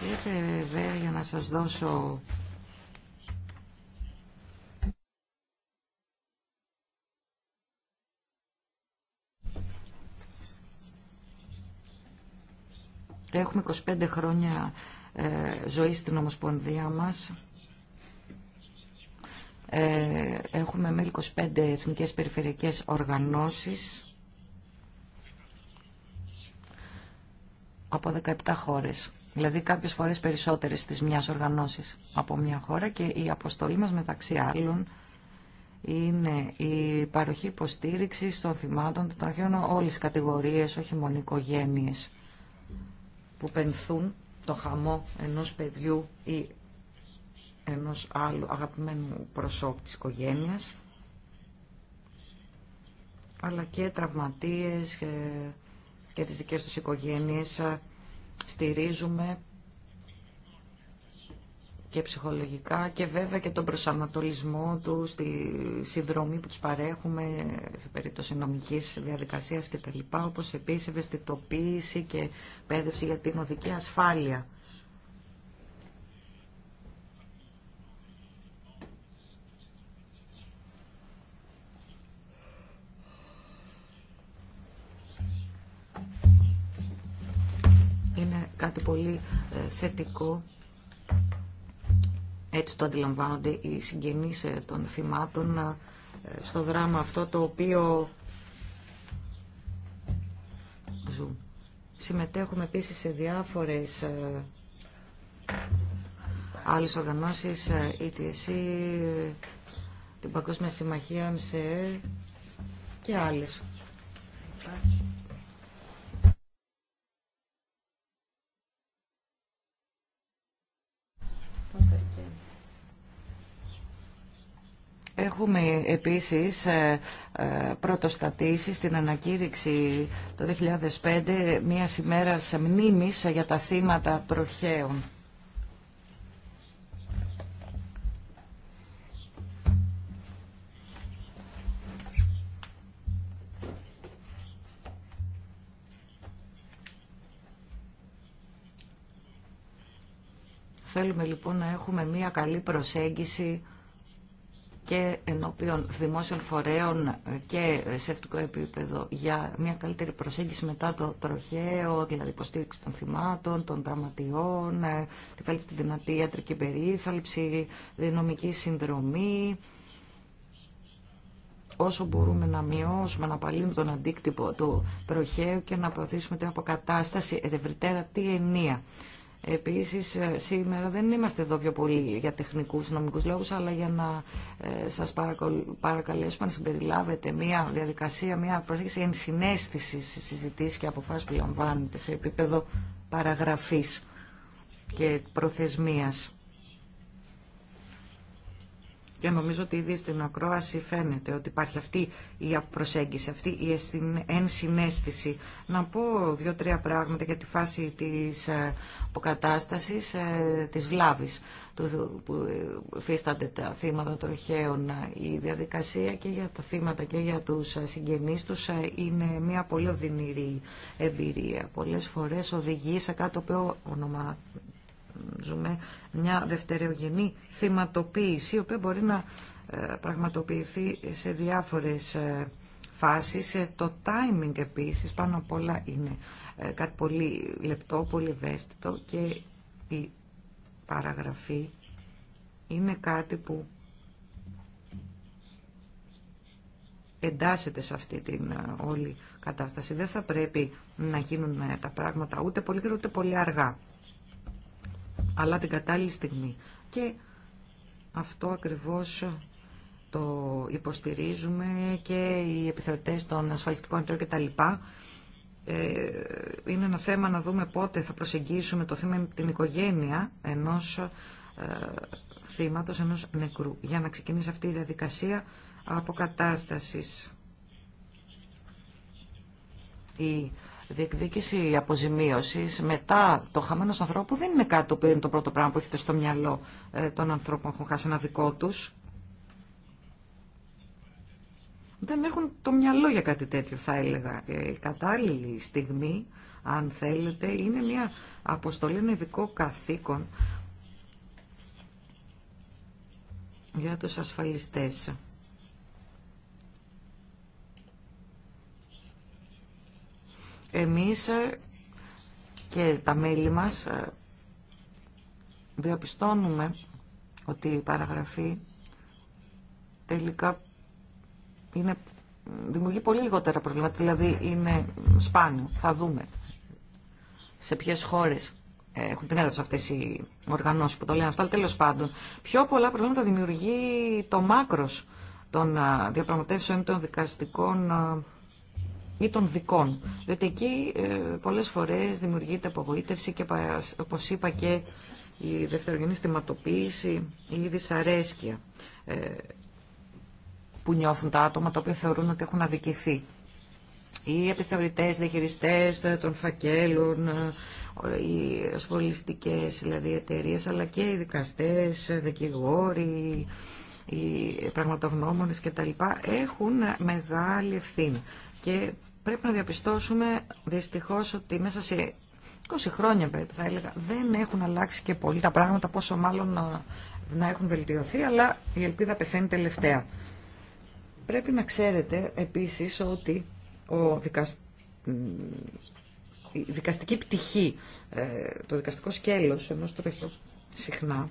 Και βέβαια για να σας δώσω Έχουμε 25 χρόνια ε, ζωή στην Ομοσπονδία μας. Ε, έχουμε μέλη 25 εθνικές περιφερειακές οργανώσεις. από 17 χώρε. Δηλαδή κάποιε φορές περισσότερες τη μια οργανώση από μια χώρα και η αποστολή μα μεταξύ άλλων είναι η παροχή υποστήριξη των θυμάτων των τραχαίων όλες τι κατηγορίες, όχι μόνο οικογένειε που πενθούν το χαμό ενός παιδιού ή ενός άλλου αγαπημένου προσώπου τη οικογένεια. αλλά και τραυματίες, και τις δικές τους οικογένειες. Ε, στηρίζουμε και ψυχολογικά και βέβαια και τον προσανατολισμό του στη συνδρομή που τους παρέχουμε σε περίπτωση νομικής διαδικασίας κτλ. Όπως επίσης ευαισθητοποίηση και πέδευση για την οδική ασφάλεια. κάτι πολύ ε, θετικό. Έτσι το αντιλαμβάνονται οι συγγενείς ε, των θυμάτων ε, στο δράμα αυτό το οποίο ζουν. Συμμετέχουμε επίσης σε διάφορες άλλες οργανώσεις, ETSC, την Παγκόσμια Συμμαχία, ΜΣΕΕ και άλλες. Έχουμε επίσης ε, ε, πρωτοστατήσει στην ανακήρυξη το 2005 μια ημέρα μνήμης για τα θύματα τροχαίων. Θέλουμε λοιπόν να έχουμε μια καλή προσέγγιση και ενώπιον δημόσιων φορέων και σε ευτικό επίπεδο για μια καλύτερη προσέγγιση μετά το τροχαίο, δηλαδή υποστήριξη των θυμάτων, των τραυματιών, ε, τη στη δυνατή ιατρική περίθαλψη, δυναμική συνδρομή, όσο μπορούμε να μειώσουμε, να απαλύνουμε τον αντίκτυπο του τροχαίου και να προωθήσουμε την αποκατάσταση ευρυτέρα τι ενία Επίσης ε, σήμερα δεν είμαστε εδώ πιο πολύ για τεχνικούς νομικούς λόγους αλλά για να ε, σας παρακαλέσουμε να συμπεριλάβετε μια διαδικασία, μια προσέγγιση ενσυναίσθηση στις και αποφάσεις που λαμβάνεται σε επίπεδο παραγραφής και προθεσμίας και νομίζω ότι ήδη στην ακρόαση φαίνεται ότι υπάρχει αυτή η προσέγγιση, αυτή η ενσυναίσθηση. Να πω δύο-τρία πράγματα για τη φάση της ε, αποκατάστασης ε, της βλάβης που ε, φύστανται τα θύματα τροχαίων η διαδικασία και για τα θύματα και για τους συγγενείς τους είναι μια πολύ οδυνηρή εμπειρία. Πολλές φορές οδηγεί σε κάτι το οποίο ζούμε μια δευτερεογενή θυματοποίηση, η οποία μπορεί να ε, πραγματοποιηθεί σε διάφορες ε, φάσεις. Ε, το timing επίσης πάνω απ' όλα είναι κάτι πολύ λεπτό, πολύ ευαίσθητο και η παραγραφή είναι κάτι που εντάσσεται σε αυτή την όλη κατάσταση. Δεν θα πρέπει να γίνουν τα πράγματα ούτε πολύ γρήγορα ούτε πολύ αργά αλλά την κατάλληλη στιγμή. Και αυτό ακριβώς το υποστηρίζουμε και οι επιθεωρητές των ασφαλιστικών εταιρών κτλ. Ε, είναι ένα θέμα να δούμε πότε θα προσεγγίσουμε το θέμα την οικογένεια ενός ε, θύματος, ενός νεκρού, για να ξεκινήσει αυτή η διαδικασία αποκατάστασης. Η διεκδίκηση αποζημίωση μετά το χαμένο ανθρώπου δεν είναι κάτι που είναι το πρώτο πράγμα που έχετε στο μυαλό ε, των ανθρώπων που έχουν χάσει ένα δικό τους. Δεν έχουν το μυαλό για κάτι τέτοιο θα έλεγα. Ε, η κατάλληλη στιγμή, αν θέλετε, είναι μια αποστολή, ένα ειδικό καθήκον για τους ασφαλιστές. Εμείς ε, και τα μέλη μας ε, διαπιστώνουμε ότι η παραγραφή τελικά είναι, δημιουργεί πολύ λιγότερα προβλήματα, δηλαδή είναι σπάνιο. Θα δούμε σε ποιες χώρες έχουν την έδρα αυτές οι οργανώσεις που το λένε αυτά, αλλά τέλος πάντων. Πιο πολλά προβλήματα δημιουργεί το μάκρος των ε, διαπραγματεύσεων των δικαστικών ή των δικών. Διότι εκεί ε, πολλές φορές δημιουργείται απογοήτευση και όπως είπα και η δευτερογενή θυματοποίηση ή η δυσαρέσκεια ε, που νιώθουν τα άτομα τα οποία θεωρούν ότι έχουν αδικηθεί. Οι επιθεωρητές, διαχειριστές ε, των φακέλων, οι ασφαλιστικές δηλαδή εταιρείε, αλλά και οι δικαστές, δικηγόροι, οι πραγματογνώμονες λοιπά έχουν μεγάλη ευθύνη και πρέπει να διαπιστώσουμε δυστυχώς ότι μέσα σε 20 χρόνια περίπου θα έλεγα δεν έχουν αλλάξει και πολύ τα πράγματα πόσο μάλλον ε, να, έχουν βελτιωθεί αλλά η ελπίδα πεθαίνει τελευταία. Πρέπει να ξέρετε επίσης ότι ο η δικαστική πτυχή, ε, το δικαστικό σκέλος ενός τροχιού συχνά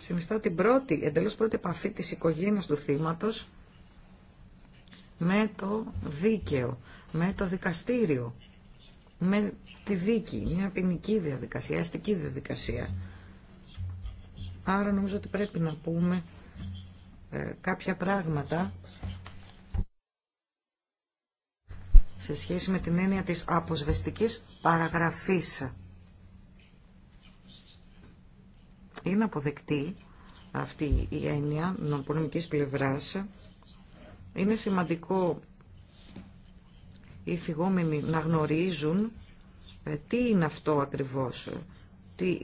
συνιστά την πρώτη, εντελώς πρώτη επαφή της οικογένειας του θύματος με το δίκαιο, με το δικαστήριο, με τη δίκη, μια ποινική διαδικασία, αστική διαδικασία. Άρα νομίζω ότι πρέπει να πούμε ε, κάποια πράγματα σε σχέση με την έννοια της αποσβεστικής παραγραφής είναι αποδεκτή αυτή η έννοια νομπονομικής πλευράς. Είναι σημαντικό οι θυγόμενοι να γνωρίζουν ε, τι είναι αυτό ακριβώς, τι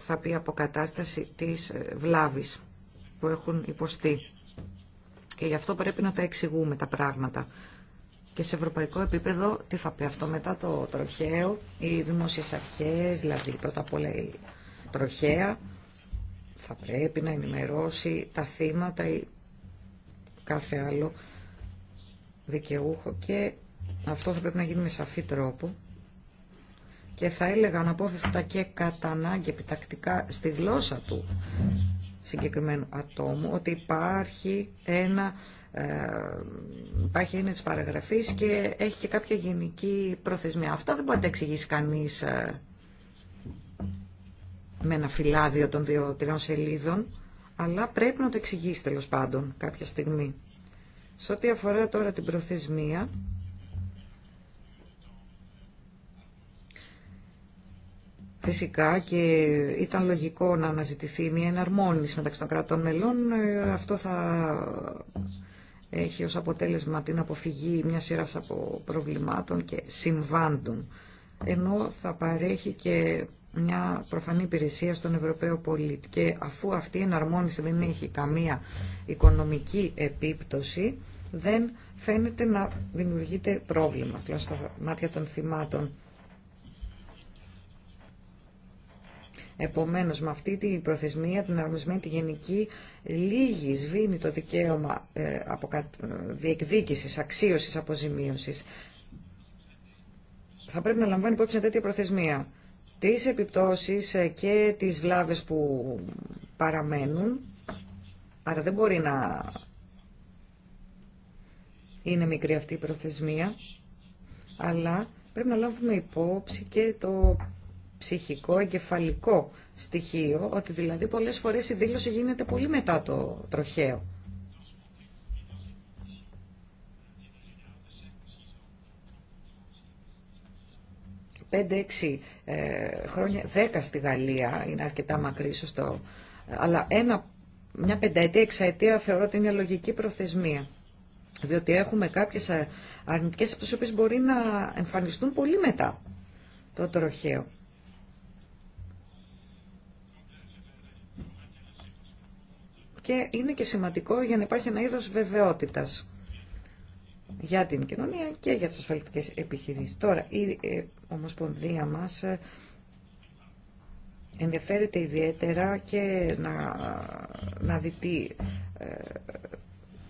θα πει αποκατάσταση της ε, βλάβης που έχουν υποστεί. Και γι' αυτό πρέπει να τα εξηγούμε τα πράγματα και σε ευρωπαϊκό επίπεδο, τι θα πει αυτό μετά το τροχαίο, οι δημόσιε αρχέ, δηλαδή πρώτα απ' όλα η τροχαία θα πρέπει να ενημερώσει τα θύματα ή κάθε άλλο δικαιούχο και αυτό θα πρέπει να γίνει με σαφή τρόπο και θα έλεγα να αναπόφευκτα και κατά ανάγκη επιτακτικά στη γλώσσα του συγκεκριμένου ατόμου ότι υπάρχει ένα ε, υπάρχει έννοια της παραγραφής και έχει και κάποια γενική προθεσμία. Αυτά δεν μπορεί να τα εξηγήσει κανείς ε, με ένα φυλάδιο των δύο-τριών σελίδων, αλλά πρέπει να το εξηγήσει τέλο πάντων κάποια στιγμή. Σε ό,τι αφορά τώρα την προθεσμία, Φυσικά και ήταν λογικό να αναζητηθεί μια εναρμόνιση μεταξύ των κρατών μελών. Ε, αυτό θα έχει ως αποτέλεσμα την αποφυγή μια σειρά από προβλημάτων και συμβάντων, ενώ θα παρέχει και μια προφανή υπηρεσία στον Ευρωπαίο πολίτη. Και αφού αυτή η εναρμόνιση δεν έχει καμία οικονομική επίπτωση, δεν φαίνεται να δημιουργείται πρόβλημα, στα μάτια των θυμάτων. Επομένως, με αυτή την προθεσμία, την αρμοσμένη, τη γενική, λίγη σβήνει το δικαίωμα ε, αποκα... διεκδίκησης, αξίωσης, αποζημίωσης. Θα πρέπει να λαμβάνει υπόψη μια τέτοια προθεσμία. Τις επιπτώσεις ε, και τις βλάβες που παραμένουν, άρα δεν μπορεί να είναι μικρή αυτή η προθεσμία, αλλά πρέπει να λάβουμε υπόψη και το ψυχικό, εγκεφαλικό στοιχείο, ότι δηλαδή πολλές φορές η δήλωση γίνεται πολύ μετά το τροχαίο. Πέντε-έξι ε, χρόνια, δέκα στη Γαλλία, είναι αρκετά μακρύ σωστό, αλλά ένα, μια πενταετία, εξαετία θεωρώ ότι είναι λογική προθεσμία. Διότι έχουμε κάποιες ε, αρνητικές από τις μπορεί να εμφανιστούν πολύ μετά το τροχαίο. και είναι και σημαντικό για να υπάρχει ένα είδος βεβαιότητας για την κοινωνία και για τις ασφαλιστικές επιχειρήσεις. Τώρα, η ε, Ομοσπονδία μας ε, ενδιαφέρεται ιδιαίτερα και να, να δει τι ε,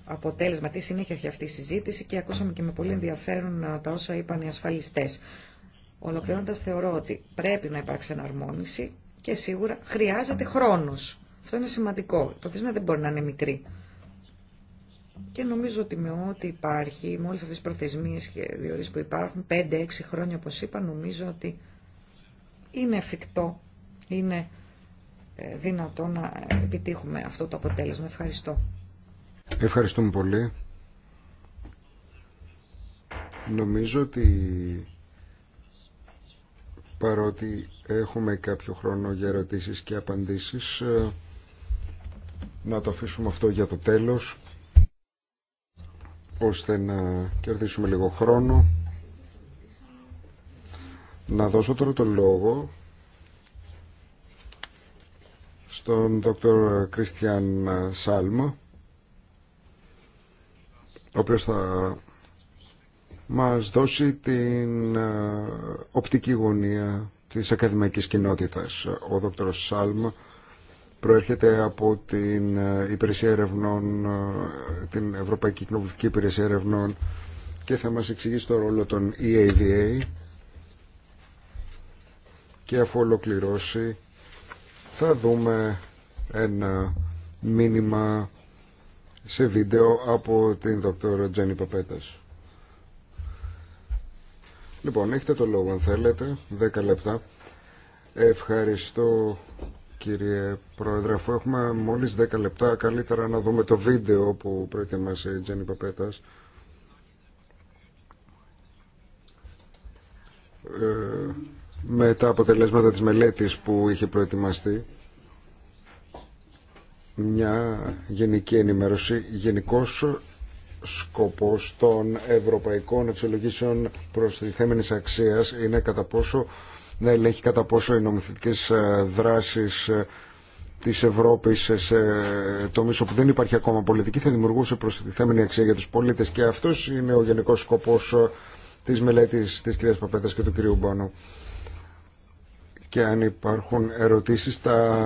αποτέλεσμα, τι συνέχεια έχει αυτή η συζήτηση και ακούσαμε και με πολύ ενδιαφέρον τα όσα είπαν οι ασφαλιστές. Ολοκληρώνοντας θεωρώ ότι πρέπει να υπάρξει εναρμόνιση και σίγουρα χρειάζεται χρόνος αυτό είναι σημαντικό. Η να δεν μπορεί να είναι μικρή. Και νομίζω ότι με ό,τι υπάρχει, με όλε αυτές τι προθεσμίες και διορίσει που υπάρχουν, 5-6 χρόνια όπως είπα, νομίζω ότι είναι εφικτό, είναι ε, δυνατό να επιτύχουμε αυτό το αποτέλεσμα. Ευχαριστώ. Ευχαριστούμε πολύ. Νομίζω ότι παρότι έχουμε κάποιο χρόνο για ερωτήσεις και απαντήσεις, ε, να το αφήσουμε αυτό για το τέλος ώστε να κερδίσουμε λίγο χρόνο. Να δώσω τώρα το λόγο στον Δόκτωρ Κρίστιαν Σάλμα ο οποίος θα μας δώσει την ε, οπτική γωνία της ακαδημαϊκής κοινότητας. Ο Δόκτωρος Σάλμα προέρχεται από την ε, υπηρεσία ερευνών, ε, την Ευρωπαϊκή Κοινοβουλευτική Υπηρεσία Ερευνών και θα μας εξηγήσει το ρόλο των EADA και αφού ολοκληρώσει θα δούμε ένα μήνυμα σε βίντεο από την δόκτωρα Τζένι Παπέτας. Λοιπόν, έχετε το λόγο αν θέλετε, 10 λεπτά. Ευχαριστώ Κύριε Πρόεδρε, αφού έχουμε μόλις 10 λεπτά, καλύτερα να δούμε το βίντεο που προετοίμασε η Τζένι Παπέτας. Ε, με τα αποτελέσματα της μελέτης που είχε προετοιμαστεί. Μια γενική ενημέρωση, γενικός σκοπός των ευρωπαϊκών τη θέμενης αξίας είναι κατά πόσο να ελέγχει κατά πόσο οι νομοθετικές ε, δράσεις ε, της Ευρώπης σε τομείς όπου δεν υπάρχει ακόμα πολιτική θα δημιουργούσε προστιθέμενη αξία για τους πολίτες και αυτός είναι ο γενικός σκοπός ε, της μελέτης της κυρίας Παπέτας και του κυρίου Μπάνου. Και αν υπάρχουν ερωτήσεις τα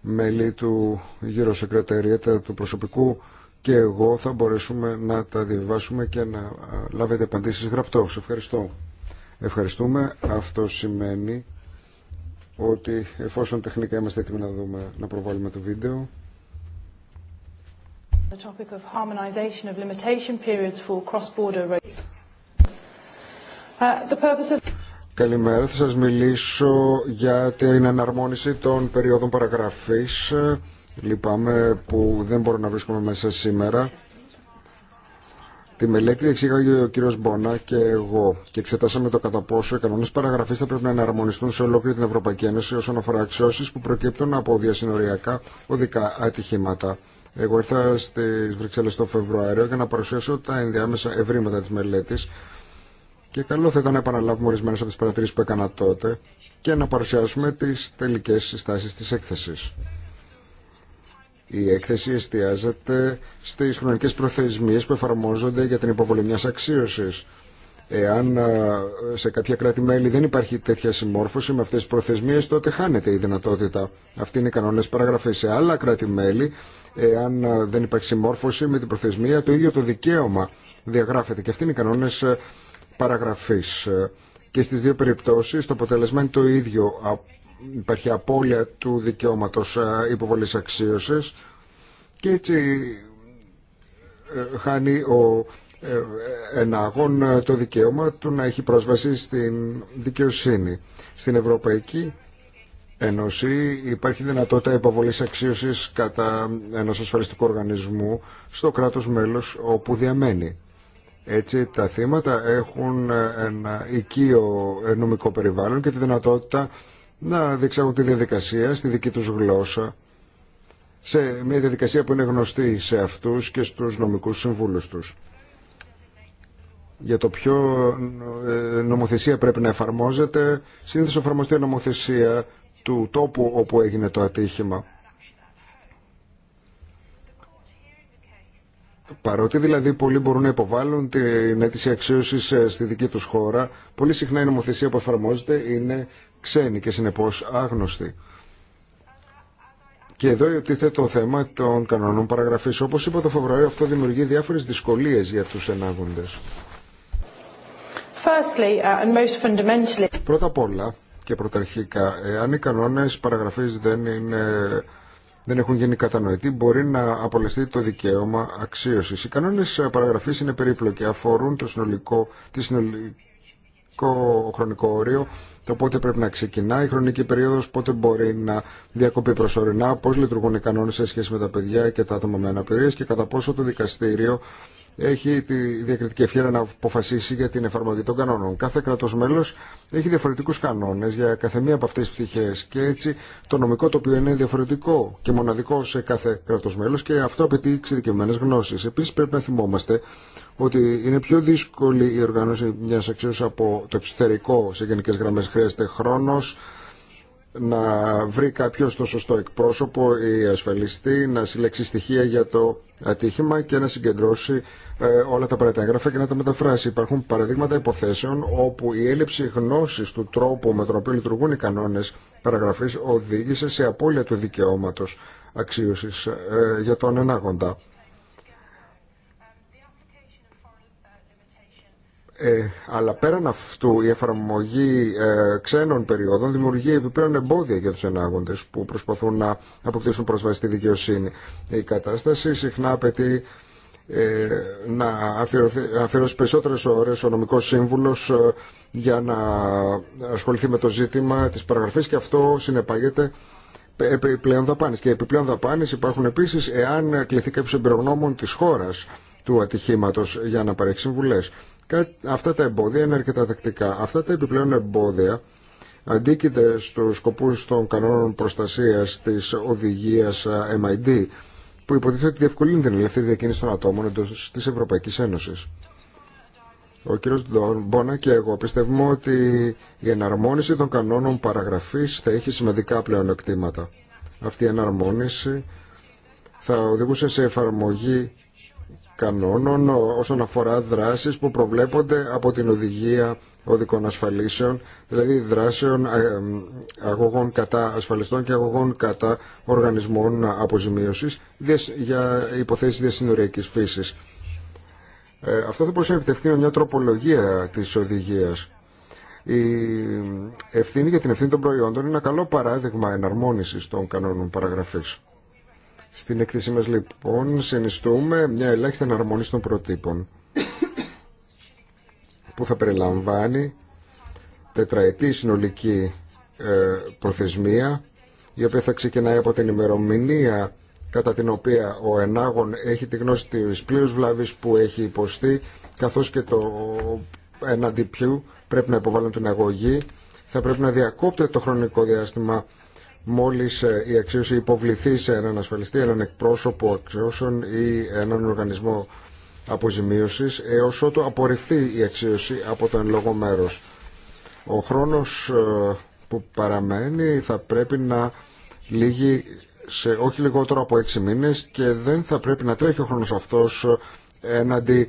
μέλη του γύρω σεκρεταρίατα του προσωπικού και εγώ θα μπορέσουμε να τα διαβάσουμε και να λάβετε απαντήσεις Σε Ευχαριστώ. Ευχαριστούμε. Αυτό σημαίνει ότι εφόσον τεχνικά είμαστε έτοιμοι να δούμε, να προβάλλουμε το βίντεο. Καλημέρα, θα σας μιλήσω για την αναρμόνιση των περίοδων παραγραφής. Λυπάμαι που δεν μπορώ να βρίσκομαι μέσα σήμερα. Τη μελέτη εξήγαγε ο κύριο Μπόνα και εγώ και εξετάσαμε το κατά πόσο οι κανόνε παραγραφή θα πρέπει να εναρμονιστούν σε ολόκληρη την Ευρωπαϊκή Ένωση όσον αφορά αξιώσει που προκύπτουν από διασυνοριακά οδικά ατυχήματα. Εγώ ήρθα στι Βρυξέλλε το Φεβρουάριο για να παρουσιάσω τα ενδιάμεσα ευρήματα τη μελέτη και καλό θα ήταν να επαναλάβουμε ορισμένε από τι παρατηρήσει που έκανα τότε και να παρουσιάσουμε τι τελικέ συστάσει τη έκθεση. Η έκθεση εστιάζεται στις χρονικές προθεσμίες που εφαρμόζονται για την υποβολή μιας αξίωσης. Εάν σε κάποια κράτη-μέλη δεν υπάρχει τέτοια συμμόρφωση με αυτές τις προθεσμίες, τότε χάνεται η δυνατότητα. Αυτή είναι οι κανόνες παραγραφή. Σε άλλα κράτη-μέλη, εάν δεν υπάρχει συμμόρφωση με την προθεσμία, το ίδιο το δικαίωμα διαγράφεται. Και αυτή είναι οι κανόνες παραγραφής. Και στις δύο περιπτώσεις το αποτέλεσμα είναι το ίδιο υπάρχει απώλεια του δικαιώματος ε, υποβολής αξίωσης και έτσι ε, χάνει ο εναγών ε, το δικαίωμα του να έχει πρόσβαση στην δικαιοσύνη. Στην Ευρωπαϊκή Ένωση υπάρχει δυνατότητα υποβολής αξίωσης κατά ενός ασφαλιστικού οργανισμού στο κράτος μέλος όπου διαμένει. Έτσι τα θύματα έχουν ένα οικείο νομικό περιβάλλον και τη δυνατότητα να διεξάγουν τη διαδικασία στη δική τους γλώσσα, σε μια διαδικασία που είναι γνωστή σε αυτούς και στους νομικούς συμβούλους τους. Για το ποιο ε, νομοθεσία πρέπει να εφαρμόζεται, συνήθως εφαρμοστεί η νομοθεσία του τόπου όπου έγινε το ατύχημα. Παρότι δηλαδή πολλοί μπορούν να υποβάλουν την αίτηση αξίωση ε, στη δική του χώρα, πολύ συχνά η νομοθεσία που εφαρμόζεται είναι ξένοι και συνεπώς άγνωστοι. Και εδώ υιοτίθεται το θέμα των κανονών παραγραφής. Όπως είπα το Φεβρουάριο αυτό δημιουργεί διάφορες δυσκολίες για τους ενάγοντες. Firstly, uh, and most Πρώτα απ' όλα και πρωταρχικά, ε, αν οι κανόνες παραγραφής δεν, είναι, δεν έχουν γίνει κατανοητοί, μπορεί να απολεστεί το δικαίωμα αξίωσης. Οι κανόνες ε, παραγραφής είναι περίπλοκοι, αφορούν το συνολικό, τη συνολική χρονικό όριο, το πότε πρέπει να ξεκινά, η χρονική περίοδος, πότε μπορεί να διακοπεί προσωρινά, πώς λειτουργούν οι κανόνες σε σχέση με τα παιδιά και τα άτομα με αναπηρίες και κατά πόσο το δικαστήριο έχει τη διακριτική ευχαίρεια να αποφασίσει για την εφαρμογή των κανόνων. Κάθε κρατό μέλο έχει διαφορετικού κανόνε για κάθε μία από αυτέ τι πτυχέ και έτσι το νομικό το οποίο είναι διαφορετικό και μοναδικό σε κάθε κράτο μέλο και αυτό απαιτεί εξειδικευμένε γνώσει. Επίση πρέπει να θυμόμαστε ότι είναι πιο δύσκολη η οργάνωση μια αξίωση από το εξωτερικό σε γενικέ γραμμέ. Χρειάζεται χρόνο, να βρει κάποιος το σωστό εκπρόσωπο ή ασφαλιστή, να συλλέξει στοιχεία για το ατύχημα και να συγκεντρώσει ε, όλα τα παραταγράφα και να τα μεταφράσει. Υπάρχουν παραδείγματα υποθέσεων όπου η έλλειψη γνώσης του τρόπου με τον οποίο λειτουργούν οι κανόνες παραγραφής οδήγησε σε απώλεια του δικαιώματος αξίωσης ε, για τον ενάγοντα. Ε, αλλά πέραν αυτού η εφαρμογή ε, ξένων περιόδων δημιουργεί επιπλέον εμπόδια για τους ενάγοντες που προσπαθούν να αποκτήσουν πρόσβαση στη δικαιοσύνη. Η κατάσταση συχνά απαιτεί ε, να, αφιερώσει περισσότερες ώρες ο νομικός σύμβουλος ε, για να ασχοληθεί με το ζήτημα της παραγραφής και αυτό συνεπάγεται επιπλέον δαπάνε. Και επιπλέον δαπάνε υπάρχουν επίσης εάν κληθεί κάποιος εμπειρογνώμων της χώρας του ατυχήματος για να παρέχει συμβουλέ. Αυτά τα εμπόδια είναι αρκετά τακτικά. Αυτά τα επιπλέον εμπόδια αντίκειται στους σκοπούς των κανόνων προστασίας της οδηγίας MID που υποτίθεται ότι διευκολύνει την ελευθερία διακίνηση των ατόμων εντός της Ευρωπαϊκής Ένωσης. Ο κύριος Μπόνα και εγώ πιστεύουμε ότι η εναρμόνιση των κανόνων παραγραφής θα έχει σημαντικά πλέον Αυτή η εναρμόνιση θα οδηγούσε σε εφαρμογή κανόνων όσον αφορά δράσεις που προβλέπονται από την Οδηγία Οδικών Ασφαλίσεων, δηλαδή δράσεων ε, αγωγών κατά ασφαλιστών και αγωγών κατά οργανισμών αποζημίωσης για υποθέσεις διασυνοριακής φύσης. Ε, αυτό θα μπορούσε να επιτευχθεί με μια τροπολογία της οδηγίας. Η ευθύνη για την ευθύνη των προϊόντων είναι ένα καλό παράδειγμα εναρμόνισης των κανόνων παραγραφής. Στην εκθέση μας λοιπόν συνιστούμε μια ελάχιστη αναρμονή των προτύπων που θα περιλαμβάνει τετραετή συνολική ε, προθεσμία η οποία θα ξεκινάει από την ημερομηνία κατά την οποία ο ενάγων έχει τη γνώση της πλήρους βλάβης που έχει υποστεί καθώς και το εναντί πρέπει να υποβάλουν την αγωγή θα πρέπει να διακόπτεται το χρονικό διάστημα μόλις ε, η αξίωση υποβληθεί σε έναν ασφαλιστή, έναν εκπρόσωπο αξιώσεων ή έναν οργανισμό αποζημίωσης έως ότου απορριφθεί η αξίωση από το εν λόγω μέρος. Ο χρόνος ε, που παραμένει θα πρέπει να λύγει σε όχι λιγότερο από έξι μήνες και δεν θα πρέπει να τρέχει ο χρόνος αυτός ε, έναντι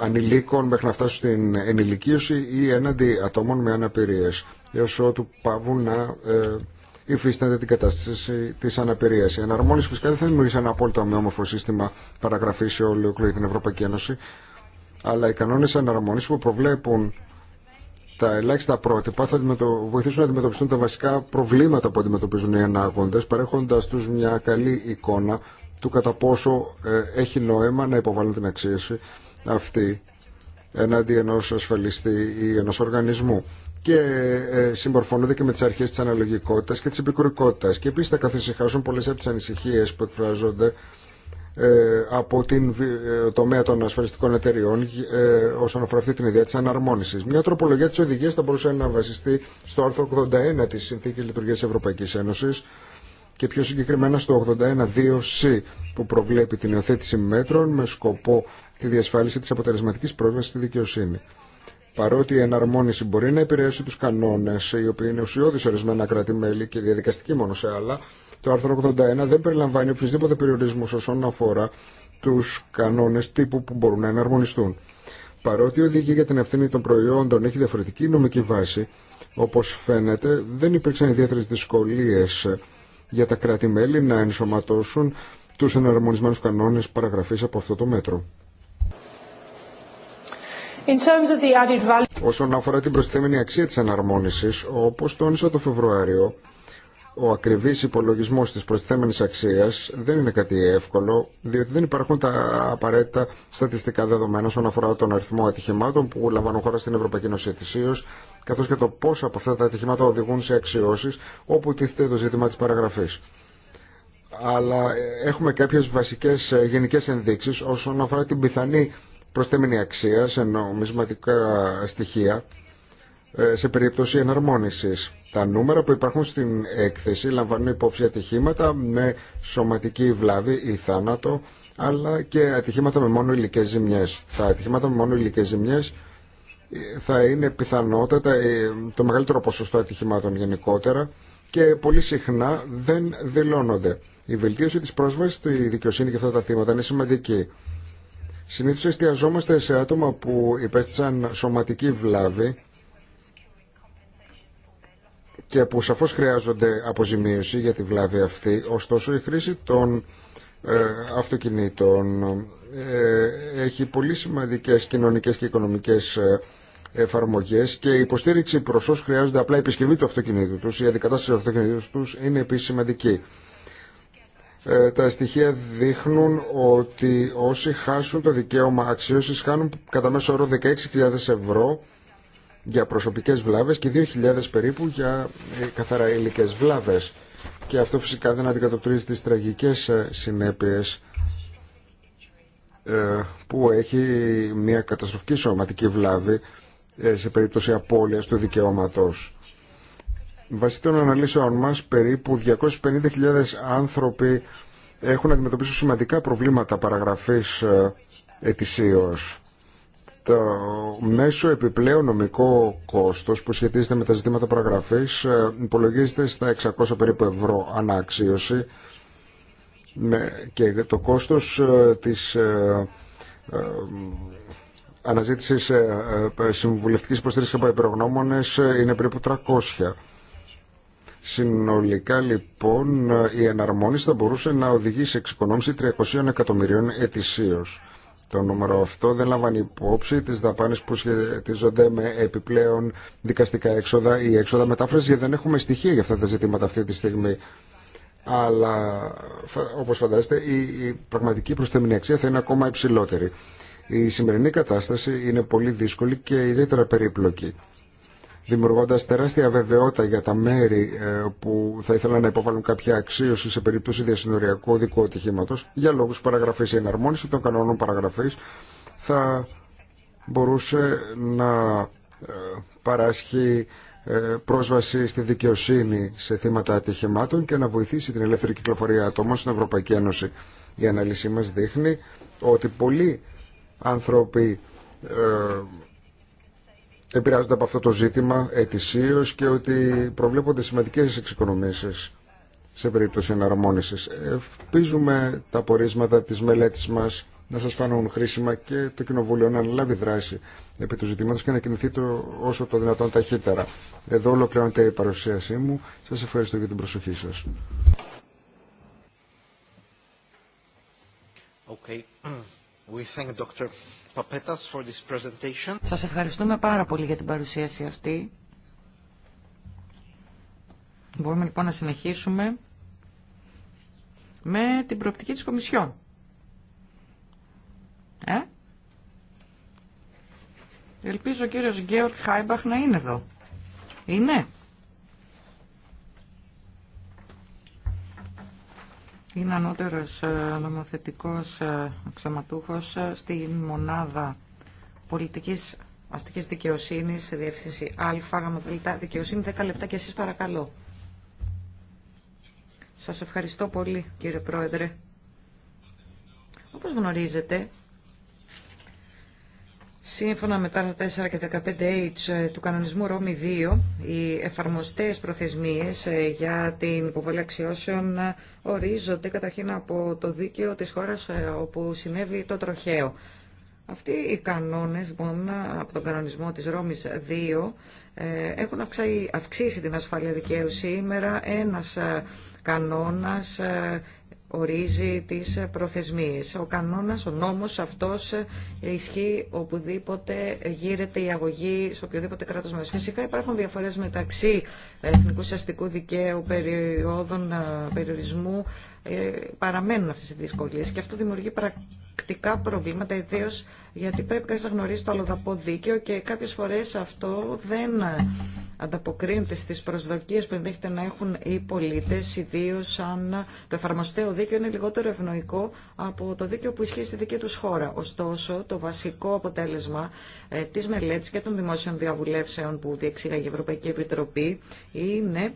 ανηλίκων μέχρι να φτάσουν στην ενηλικίωση ή έναντι ατόμων με αναπηρίες έως ότου παύουν να υφίστανται την κατάσταση τη αναπηρία. Η αναρμόνιση φυσικά δεν θα δημιουργήσει ένα απόλυτα ομοιόμορφο σύστημα παραγραφή σε ολόκληρη την Ευρωπαϊκή Ένωση, αλλά οι κανόνε αναρμόνιση που προβλέπουν τα ελάχιστα πρότυπα θα βοηθήσουν να αντιμετωπιστούν τα βασικά προβλήματα που αντιμετωπίζουν οι ανάγοντε, παρέχοντα του μια καλή εικόνα του κατά πόσο ε, έχει νόημα να υποβάλουν την αξία αυτή εναντί ενό ασφαλιστή ή ενό οργανισμού και ε, συμπορφωνούνται και με τι αρχέ τη αναλογικότητα και τη επικουρικότητα. Και επίση θα καθησυχάσουν πολλέ από τι ανησυχίε που εκφράζονται ε, από την ε, τομέα των ασφαλιστικών εταιριών όσον αφορά αυτή την ιδέα τη αναρμόνιση. Μια τροπολογία τη οδηγία θα μπορούσε να βασιστεί στο άρθρο 81 τη Συνθήκη Λειτουργία Ευρωπαϊκή Ένωση και πιο συγκεκριμένα στο 81.2c που προβλέπει την υιοθέτηση μέτρων με σκοπό τη διασφάλιση της αποτελεσματική πρόσβαση στη δικαιοσύνη. Παρότι η εναρμόνιση μπορεί να επηρεάσει του κανόνε, οι οποίοι είναι ουσιώδει ορισμένα κράτη-μέλη και διαδικαστική μόνο σε άλλα, το άρθρο 81 δεν περιλαμβάνει οποιοδήποτε περιορισμό όσον αφορά του κανόνε τύπου που μπορούν να εναρμονιστούν. Παρότι η οδηγία για την ευθύνη των προϊόντων έχει διαφορετική νομική βάση, όπω φαίνεται δεν υπήρξαν ιδιαίτερε δυσκολίε για τα κράτη-μέλη να ενσωματώσουν του εναρμονισμένου κανόνε παραγραφή από αυτό το μέτρο. Όσον αφορά την προστιθέμενη αξία της αναρμόνισης, όπως τόνισα το Φεβρουάριο, ο ακριβής υπολογισμός της προστιθέμενης αξίας δεν είναι κάτι εύκολο, διότι δεν υπάρχουν τα απαραίτητα στατιστικά δεδομένα όσον αφορά τον αριθμό ατυχημάτων που λαμβάνουν χώρα στην Ευρωπαϊκή Ένωση καθώ καθώς και το πόσο από αυτά τα ατυχημάτα οδηγούν σε αξιώσεις όπου τίθεται το ζήτημα της παραγραφής αλλά έχουμε κάποιες βασικές ε, γενικές ενδείξεις όσον αφορά την πιθανή προσθέμενη αξία σε νομισματικά στοιχεία ε, σε περίπτωση εναρμόνισης. Τα νούμερα που υπάρχουν στην έκθεση λαμβάνουν υπόψη ατυχήματα με σωματική βλάβη ή θάνατο, αλλά και ατυχήματα με μόνο υλικέ ζημιέ. Τα ατυχήματα με μόνο υλικέ ζημιέ ε, θα είναι πιθανότατα ε, το μεγαλύτερο ποσοστό ατυχημάτων γενικότερα και πολύ συχνά δεν δηλώνονται. Η βελτίωση τη πρόσβαση στη δικαιοσύνη για αυτά τα θύματα είναι σημαντική. Συνήθω εστιαζόμαστε σε άτομα που υπέστησαν σωματική βλάβη και που σαφώς χρειάζονται αποζημίωση για τη βλάβη αυτή. Ωστόσο η χρήση των ε, αυτοκινήτων ε, έχει πολύ σημαντικές κοινωνικές και οικονομικές ε, εφαρμογές και η υποστήριξη προς όσους χρειάζονται απλά επισκευή του αυτοκινήτου τους, η αντικατάσταση του αυτοκινήτου τους είναι επίση σημαντική. Ε, τα στοιχεία δείχνουν ότι όσοι χάσουν το δικαίωμα αξίωση χάνουν κατά μέσο όρο 16.000 ευρώ για προσωπικές βλάβες και 2.000 περίπου για ε, καθαρά υλικέ βλάβες. Και αυτό φυσικά δεν αντικατοπτρίζει τις τραγικές ε, συνέπειες που έχει μια καταστροφική σωματική βλάβη σε περίπτωση απώλειας του δικαιώματο. Βασί των αναλύσεων μα περίπου 250.000 άνθρωποι έχουν αντιμετωπίσει σημαντικά προβλήματα παραγραφής ε, ετησίως. Το μέσο επιπλέον νομικό κόστος που σχετίζεται με τα ζητήματα παραγραφής ε, υπολογίζεται στα 600 περίπου ευρώ αναξίωση και το κόστος ε, της αναζήτησης συμβουλευτικής υποστήριξης από υπερογνώμονες είναι περίπου 300. Συνολικά λοιπόν η εναρμόνιση θα μπορούσε να οδηγήσει σε εξοικονόμηση 300 εκατομμυρίων ετησίω. Το νούμερο αυτό δεν λαμβάνει υπόψη τις δαπάνες που σχετίζονται με επιπλέον δικαστικά έξοδα ή έξοδα μετάφρασης γιατί δεν έχουμε στοιχεία για αυτά τα ζητήματα αυτή τη στιγμή. Αλλά όπως φαντάζεστε η εξοδα μεταφραση γιατι προσθέμενη αξία θα είναι ακόμα υψηλότερη. Η πραγματικη προσθεμενη κατάσταση είναι πολύ δύσκολη και ιδιαίτερα περίπλοκη δημιουργώντας τεράστια βεβαιότητα για τα μέρη ε, που θα ήθελαν να υποβάλουν κάποια αξίωση σε περίπτωση διασυνοριακού οδικού ατυχήματος για λόγους παραγραφής. Η εναρμόνιση των κανόνων παραγραφής θα μπορούσε να ε, παράσχει ε, πρόσβαση στη δικαιοσύνη σε θύματα ατυχημάτων και να βοηθήσει την ελεύθερη κυκλοφορία ατόμων στην Ευρωπαϊκή Ένωση. Η ανάλυση μας δείχνει ότι πολλοί άνθρωποι επηρεάζονται από αυτό το ζήτημα ετησίω και ότι προβλέπονται σημαντικέ εξοικονομήσει σε περίπτωση εναρμόνισης. Ευπίζουμε τα πορίσματα της μελέτης μας να σας φανούν χρήσιμα και το Κοινοβούλιο να λάβει δράση επί του ζητήματος και να κινηθεί το όσο το δυνατόν ταχύτερα. Εδώ ολοκληρώνεται η παρουσίασή μου. Σας ευχαριστώ για την προσοχή σας. Okay. We Σας ευχαριστούμε πάρα πολύ για την παρουσίαση αυτή. Μπορούμε λοιπόν να συνεχίσουμε με την προοπτική της Κομισιόν. Ε? Ελπίζω ο κύριος Γκέορκ Χάιμπαχ να είναι εδώ. Είναι? είναι ανώτερος ε, νομοθετικός ε, αξιωματούχος ε, στη μονάδα πολιτικής αστικής δικαιοσύνης σε διεύθυνση Α, δικαιοσύνη, 10 λεπτά και εσείς παρακαλώ. Σας ευχαριστώ πολύ κύριε Πρόεδρε. Όπως γνωρίζετε, Σύμφωνα με τα 4 και 15H ε, του κανονισμού Ρώμη 2, οι εφαρμοστές προθεσμίες ε, για την υποβολή αξιώσεων ε, ορίζονται καταρχήν από το δίκαιο της χώρας όπου συνέβη το τροχαίο. Αυτοί οι κανόνες λοιπόν, από τον κανονισμό της Ρώμης 2 έχουν αυξήσει την ασφάλεια δικαίου σήμερα. Ένας κανόνας ορίζει τις προθεσμίες. Ο κανόνας, ο νόμος αυτός ισχύει οπουδήποτε γύρεται η αγωγή σε οποιοδήποτε κράτος μας. Φυσικά υπάρχουν διαφορές μεταξύ εθνικού αστικού δικαίου, περιόδων ε, περιορισμού ε, παραμένουν αυτές οι δυσκολίες και αυτό δημιουργεί πρακτικά προβλήματα, ιδίω γιατί πρέπει κανείς να γνωρίζει το αλλοδαπό δίκαιο και κάποιες φορές αυτό δεν ανταποκρίνεται στις προσδοκίες που ενδέχεται να έχουν οι πολίτες, ιδίω αν το εφαρμοστέο δίκαιο είναι λιγότερο ευνοϊκό από το δίκαιο που ισχύει στη δική τους χώρα. Ωστόσο, το βασικό αποτέλεσμα ε, της μελέτης και των δημόσιων διαβουλεύσεων που διεξήγαγε η Ευρωπαϊκή Επιτροπή είναι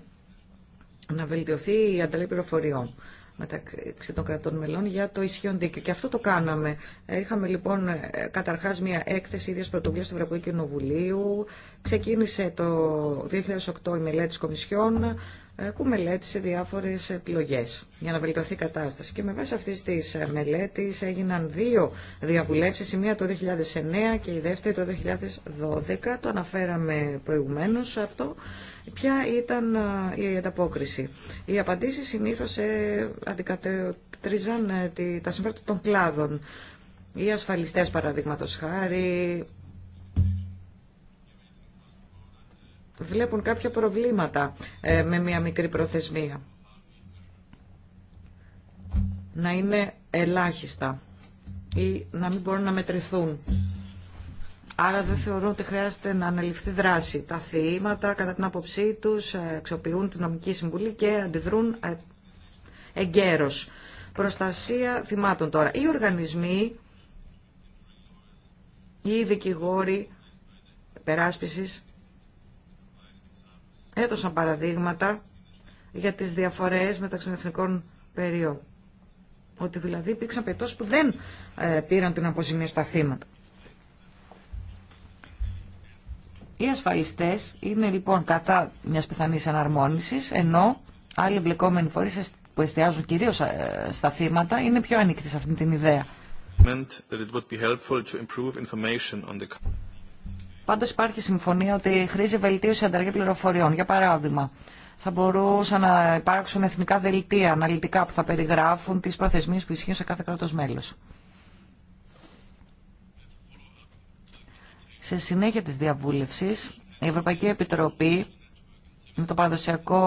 να βελτιωθεί η ανταλλαγή πληροφοριών μεταξύ των κρατών μελών για το ισχύον δίκαιο. Και αυτό το κάναμε. Είχαμε λοιπόν ε, καταρχάς μια έκθεση ίδιας πρωτοβουλίας του Ευρωπαϊκού Κοινοβουλίου. Ξεκίνησε το 2008 η μελέτη της Κομισιόν ε, που μελέτησε διάφορες επιλογές για να βελτιωθεί η κατάσταση. Και με βάση αυτή τη ε, μελέτη έγιναν δύο διαβουλεύσεις, η μία το 2009 και η δεύτερη το 2012. Το αναφέραμε προηγουμένως αυτό. Ποια ήταν η ανταπόκριση. Οι απαντήσεις συνήθως ε, αντικατέτριζαν ε, τα συμφέροντα των κλάδων. Οι ασφαλιστές παραδείγματος χάρη βλέπουν κάποια προβλήματα ε, με μια μικρή προθεσμία. Να είναι ελάχιστα ή να μην μπορούν να μετρηθούν. Άρα δεν θεωρώ ότι χρειάζεται να αναλυφθεί δράση. Τα θύματα, κατά την άποψή τους, ε, αξιοποιούν την νομική συμβουλή και αντιδρούν ε, εγκαίρω. Προστασία θυμάτων τώρα. Οι οργανισμοί, οι δικηγόροι περάσπιση. έδωσαν παραδείγματα για τις διαφορές μεταξύ των εθνικών περιόδων. Ότι δηλαδή υπήρξαν περιπτώσει που δεν ε, πήραν την αποζημίωση στα θύματα. Οι ασφαλιστές είναι λοιπόν κατά μιας πιθανής εναρμόνισης, ενώ άλλοι εμπλεκόμενοι φορείς που εστιάζουν κυρίως ε, στα θύματα είναι πιο ανοιχτοί σε αυτή την ιδέα. Πάντω υπάρχει συμφωνία ότι χρήζει βελτίωση ανταλλαγή πληροφοριών. Για παράδειγμα, θα μπορούσαν να υπάρξουν εθνικά δελτία αναλυτικά που θα περιγράφουν τι προθεσμίε που ισχύουν σε κάθε κράτο μέλο. Σε συνέχεια της διαβούλευσης, η Ευρωπαϊκή Επιτροπή με το παραδοσιακό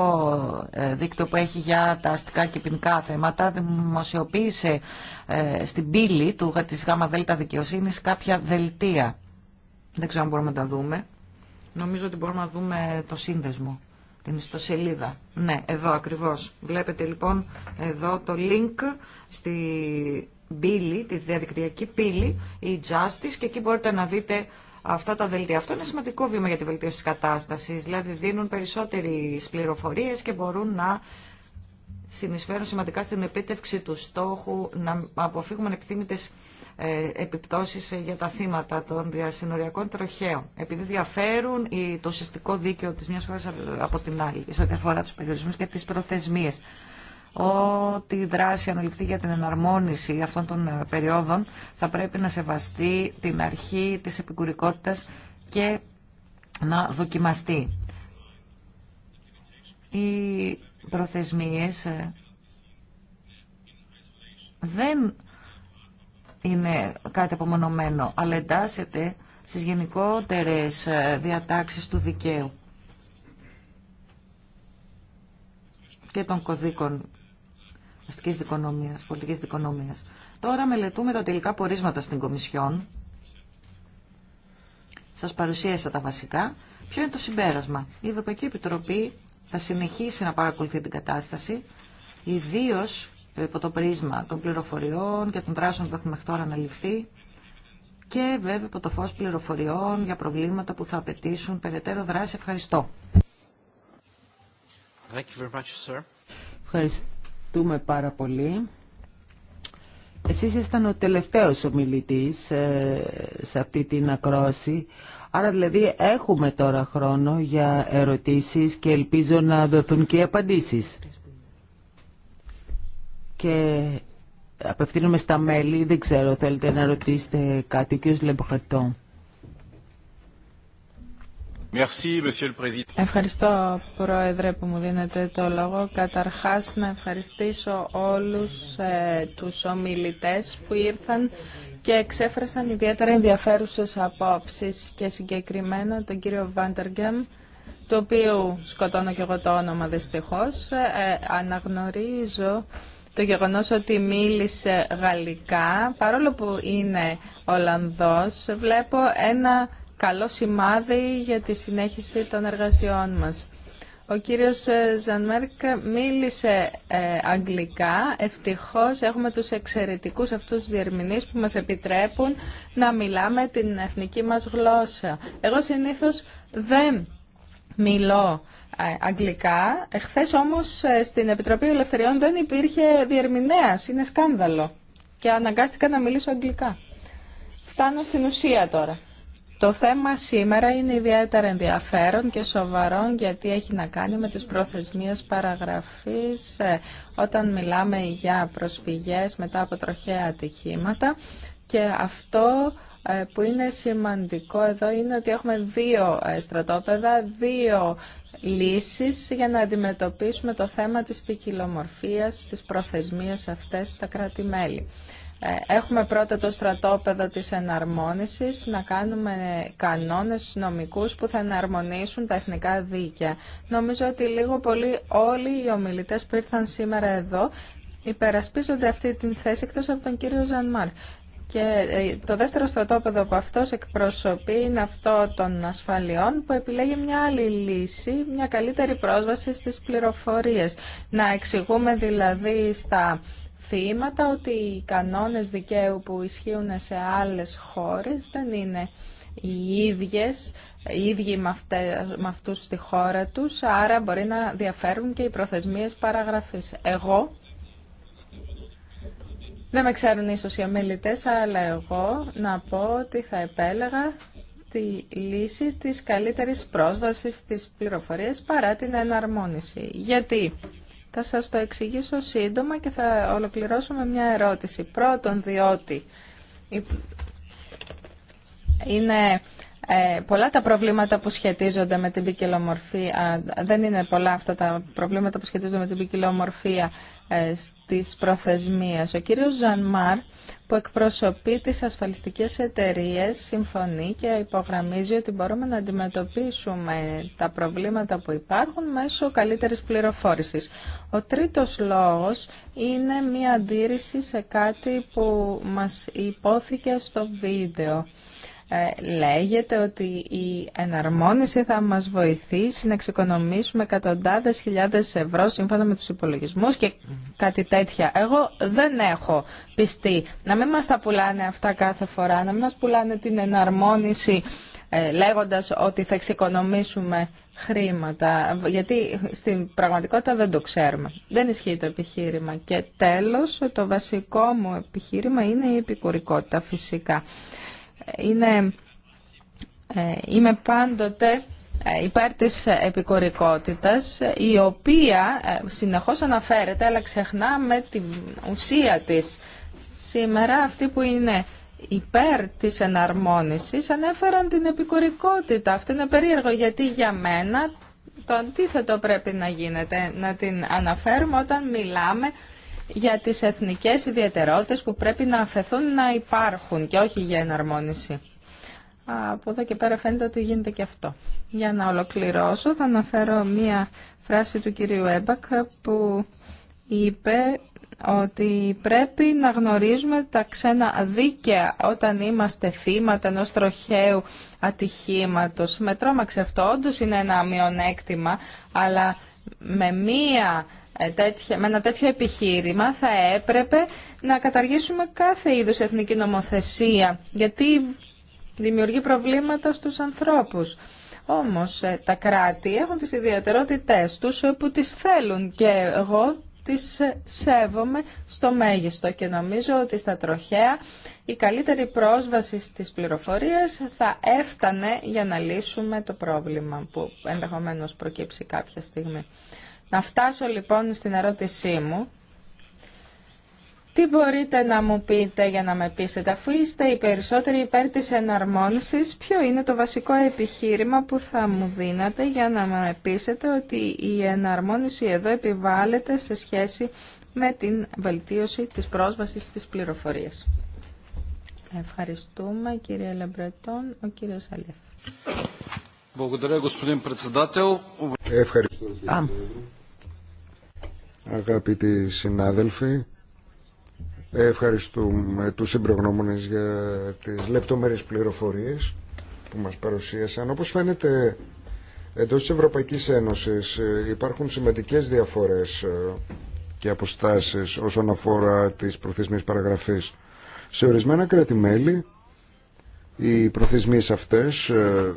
ε, δίκτυο που έχει για τα αστικά και ποινικά θέματα, δημοσιοποίησε ε, στην πύλη του, της ΓΑΜΑ ΔΕΛΤΑ δικαιοσύνης κάποια δελτία. Δεν ξέρω αν μπορούμε να τα δούμε. Νομίζω ότι μπορούμε να δούμε το σύνδεσμο, την ιστοσελίδα. Ναι, εδώ ακριβώς. Βλέπετε λοιπόν εδώ το link στη πύλη, τη διαδικτυακή πύλη, η Justice, και εκεί μπορείτε να δείτε αυτά τα δελτία. Αυτό είναι σημαντικό βήμα για τη βελτίωση της κατάστασης, δηλαδή δίνουν περισσότερες πληροφορίες και μπορούν να συνεισφέρουν σημαντικά στην επίτευξη του στόχου να αποφύγουμε ανεπιθύμητες ε, επιπτώσεις ε, για τα θύματα των διασυνοριακών τροχαίων. Επειδή διαφέρουν το συστικό δίκαιο της μιας χώρας από την άλλη, σε ό,τι αφορά τους περιορισμούς και τις προθεσμίες ότι η δράση αναλυφθεί για την εναρμόνιση αυτών των ε, περιόδων θα πρέπει να σεβαστεί την αρχή της επικουρικότητας και να δοκιμαστεί. Οι προθεσμίες ε, δεν είναι κάτι απομονωμένο, αλλά εντάσσεται στις γενικότερες ε, διατάξεις του δικαίου και των κωδίκων αστικής δικονομίας, πολιτικής δικονομίας. Τώρα μελετούμε τα τελικά πορίσματα στην Κομισιόν. Σας παρουσίασα τα βασικά. Ποιο είναι το συμπέρασμα. Η Ευρωπαϊκή Επιτροπή θα συνεχίσει να παρακολουθεί την κατάσταση, ιδίω υπό το πρίσμα των πληροφοριών και των δράσεων που έχουν μέχρι τώρα αναλυφθεί και βέβαια υπό το φως πληροφοριών για προβλήματα που θα απαιτήσουν περαιτέρω δράση. Ευχαριστώ. Ευχαριστώ ευχαριστούμε πάρα πολύ. Εσείς ήσταν ο τελευταίος ομιλητής ε, σε αυτή την ακρόαση. Άρα δηλαδή έχουμε τώρα χρόνο για ερωτήσεις και ελπίζω να δοθούν και απαντήσεις. Και απευθύνομαι στα μέλη. Δεν ξέρω, θέλετε να ρωτήσετε κάτι. Ο κ. Λεμποχατών. Ευχαριστώ, Πρόεδρε, που μου δίνετε το λόγο. Καταρχάς, να ευχαριστήσω όλους ε, τους ομιλητές που ήρθαν και εξέφρασαν ιδιαίτερα ενδιαφέρουσες απόψεις και συγκεκριμένα τον κύριο Βάντεργκεμ, το οποίου σκοτώνω και εγώ το όνομα δυστυχώς. Ε, ε, αναγνωρίζω το γεγονός ότι μίλησε γαλλικά, παρόλο που είναι Ολλανδός, βλέπω ένα καλό σημάδι για τη συνέχιση των εργασιών μας. Ο κύριος ε, Ζανμέρκ μίλησε ε, αγγλικά. Ευτυχώς έχουμε τους εξαιρετικούς αυτούς τους διερμηνείς που μας επιτρέπουν να μιλάμε την εθνική μας γλώσσα. Εγώ συνήθως δεν μιλώ ε, αγγλικά. Εχθές όμως στην Επιτροπή Ελευθεριών δεν υπήρχε διερμηνέας. Είναι σκάνδαλο. Και αναγκάστηκα να μιλήσω αγγλικά. Φτάνω στην ουσία τώρα. Το θέμα σήμερα είναι ιδιαίτερα ενδιαφέρον και σοβαρό γιατί έχει να κάνει με τις προθεσμίες παραγραφής ε, όταν μιλάμε για προσφυγές μετά από τροχαία ατυχήματα και αυτό ε, που είναι σημαντικό εδώ είναι ότι έχουμε δύο ε, στρατόπεδα, δύο λύσεις για να αντιμετωπίσουμε το θέμα της ποικιλομορφίας, της προθεσμίας αυτές στα κράτη-μέλη. Ε, έχουμε πρώτα το στρατόπεδο της εναρμόνισης, να κάνουμε κανόνες νομικούς που θα εναρμονίσουν τα εθνικά δίκαια. Νομίζω ότι λίγο πολύ όλοι οι ομιλητές που ήρθαν σήμερα εδώ υπερασπίζονται αυτή την θέση εκτός από τον κύριο Ζανμάρ. Και ε, το δεύτερο στρατόπεδο που αυτός εκπροσωπεί είναι αυτό των ασφαλιών που επιλέγει μια άλλη λύση, μια καλύτερη πρόσβαση στις πληροφορίες. Να εξηγούμε δηλαδή στα θύματα ότι οι κανόνες δικαίου που ισχύουν σε άλλες χώρες δεν είναι οι ίδιες, οι ίδιοι με, στη χώρα τους, άρα μπορεί να διαφέρουν και οι προθεσμίες παραγραφής. Εγώ, δεν με ξέρουν ίσως οι ομιλητές, αλλά εγώ να πω ότι θα επέλεγα τη λύση της καλύτερης πρόσβασης στις πληροφορίες παρά την εναρμόνιση. Γιατί θα σας το εξηγήσω σύντομα και θα ολοκληρώσουμε μια ερώτηση. Πρώτον, διότι είναι ε, πολλά τα προβλήματα που σχετίζονται με την ποικιλομορφία, δεν είναι πολλά αυτά τα προβλήματα που σχετίζονται με την ποικιλομορφία ε, στις προθεσμίες. Ο κύριος Ζανμάρ που εκπροσωπεί τις ασφαλιστικές εταιρείες συμφωνεί και υπογραμμίζει ότι μπορούμε να αντιμετωπίσουμε τα προβλήματα που υπάρχουν μέσω καλύτερης πληροφόρησης. Ο τρίτος λόγος είναι μία αντίρρηση σε κάτι που μας υπόθηκε στο βίντεο. Ε, λέγεται ότι η εναρμόνιση θα μας βοηθήσει να εξοικονομήσουμε εκατοντάδες χιλιάδες ευρώ σύμφωνα με τους υπολογισμούς και κάτι τέτοια. Εγώ δεν έχω πιστεί να μην μας τα πουλάνε αυτά κάθε φορά, να μην μας πουλάνε την εναρμόνιση ε, λέγοντας ότι θα ξεκονομήσουμε χρήματα, γιατί στην πραγματικότητα δεν το ξέρουμε. Δεν ισχύει το επιχείρημα. Και τέλος, το βασικό μου επιχείρημα είναι η επικουρικότητα φυσικά είναι, ε, είμαι πάντοτε ε, υπέρ της επικορικότητας η οποία ε, συνεχώς αναφέρεται αλλά ξεχνάμε την ουσία της. Σήμερα αυτή που είναι υπέρ της εναρμόνισης ανέφεραν την επικορικότητα. Αυτό είναι περίεργο γιατί για μένα το αντίθετο πρέπει να γίνεται, να την αναφέρουμε όταν μιλάμε για τις εθνικές ιδιαιτερότητες που πρέπει να αφαιθούν να υπάρχουν και όχι για εναρμόνιση. Από εδώ και πέρα φαίνεται ότι γίνεται και αυτό. Για να ολοκληρώσω θα αναφέρω μία φράση του κυρίου Έμπακ που είπε ότι πρέπει να γνωρίζουμε τα ξένα δίκαια όταν είμαστε θύματα ενός τροχαίου ατυχήματος. Με τρόμαξε αυτό, όντως είναι ένα μειονέκτημα, αλλά με μία ε, με ένα τέτοιο επιχείρημα θα έπρεπε να καταργήσουμε κάθε είδους εθνική νομοθεσία, γιατί δημιουργεί προβλήματα στους ανθρώπους. Όμως ε, τα κράτη έχουν τις ιδιαιτερότητές τους ε, που τις θέλουν και εγώ τις σέβομαι στο μέγιστο και νομίζω ότι στα τροχέα η καλύτερη πρόσβαση στις πληροφορίες θα έφτανε για να λύσουμε το πρόβλημα που ενδεχομένως προκύψει κάποια στιγμή. Να φτάσω λοιπόν στην ερώτησή μου. Τι μπορείτε να μου πείτε για να με πείσετε, αφού είστε οι περισσότεροι υπέρ της εναρμόνισης, ποιο είναι το βασικό επιχείρημα που θα μου δίνατε για να με πείσετε ότι η εναρμόνιση εδώ επιβάλλεται σε σχέση με την βελτίωση της πρόσβασης της πληροφορίας. Ευχαριστούμε κύριε Λεμπρετών, ο κύριος Αλέφ. Ευχαριστώ. Αγαπητοί συνάδελφοι, ευχαριστούμε τους συμπρογνώμονες για τις λεπτομέρειες πληροφορίες που μας παρουσίασαν. Όπως φαίνεται, εντός της Ευρωπαϊκής Ένωσης ε, υπάρχουν σημαντικές διαφορές ε, και αποστάσεις όσον αφορά τις προθεσμίες παραγραφής. Σε ορισμένα κράτη-μέλη, οι προθεσμίες αυτές ε,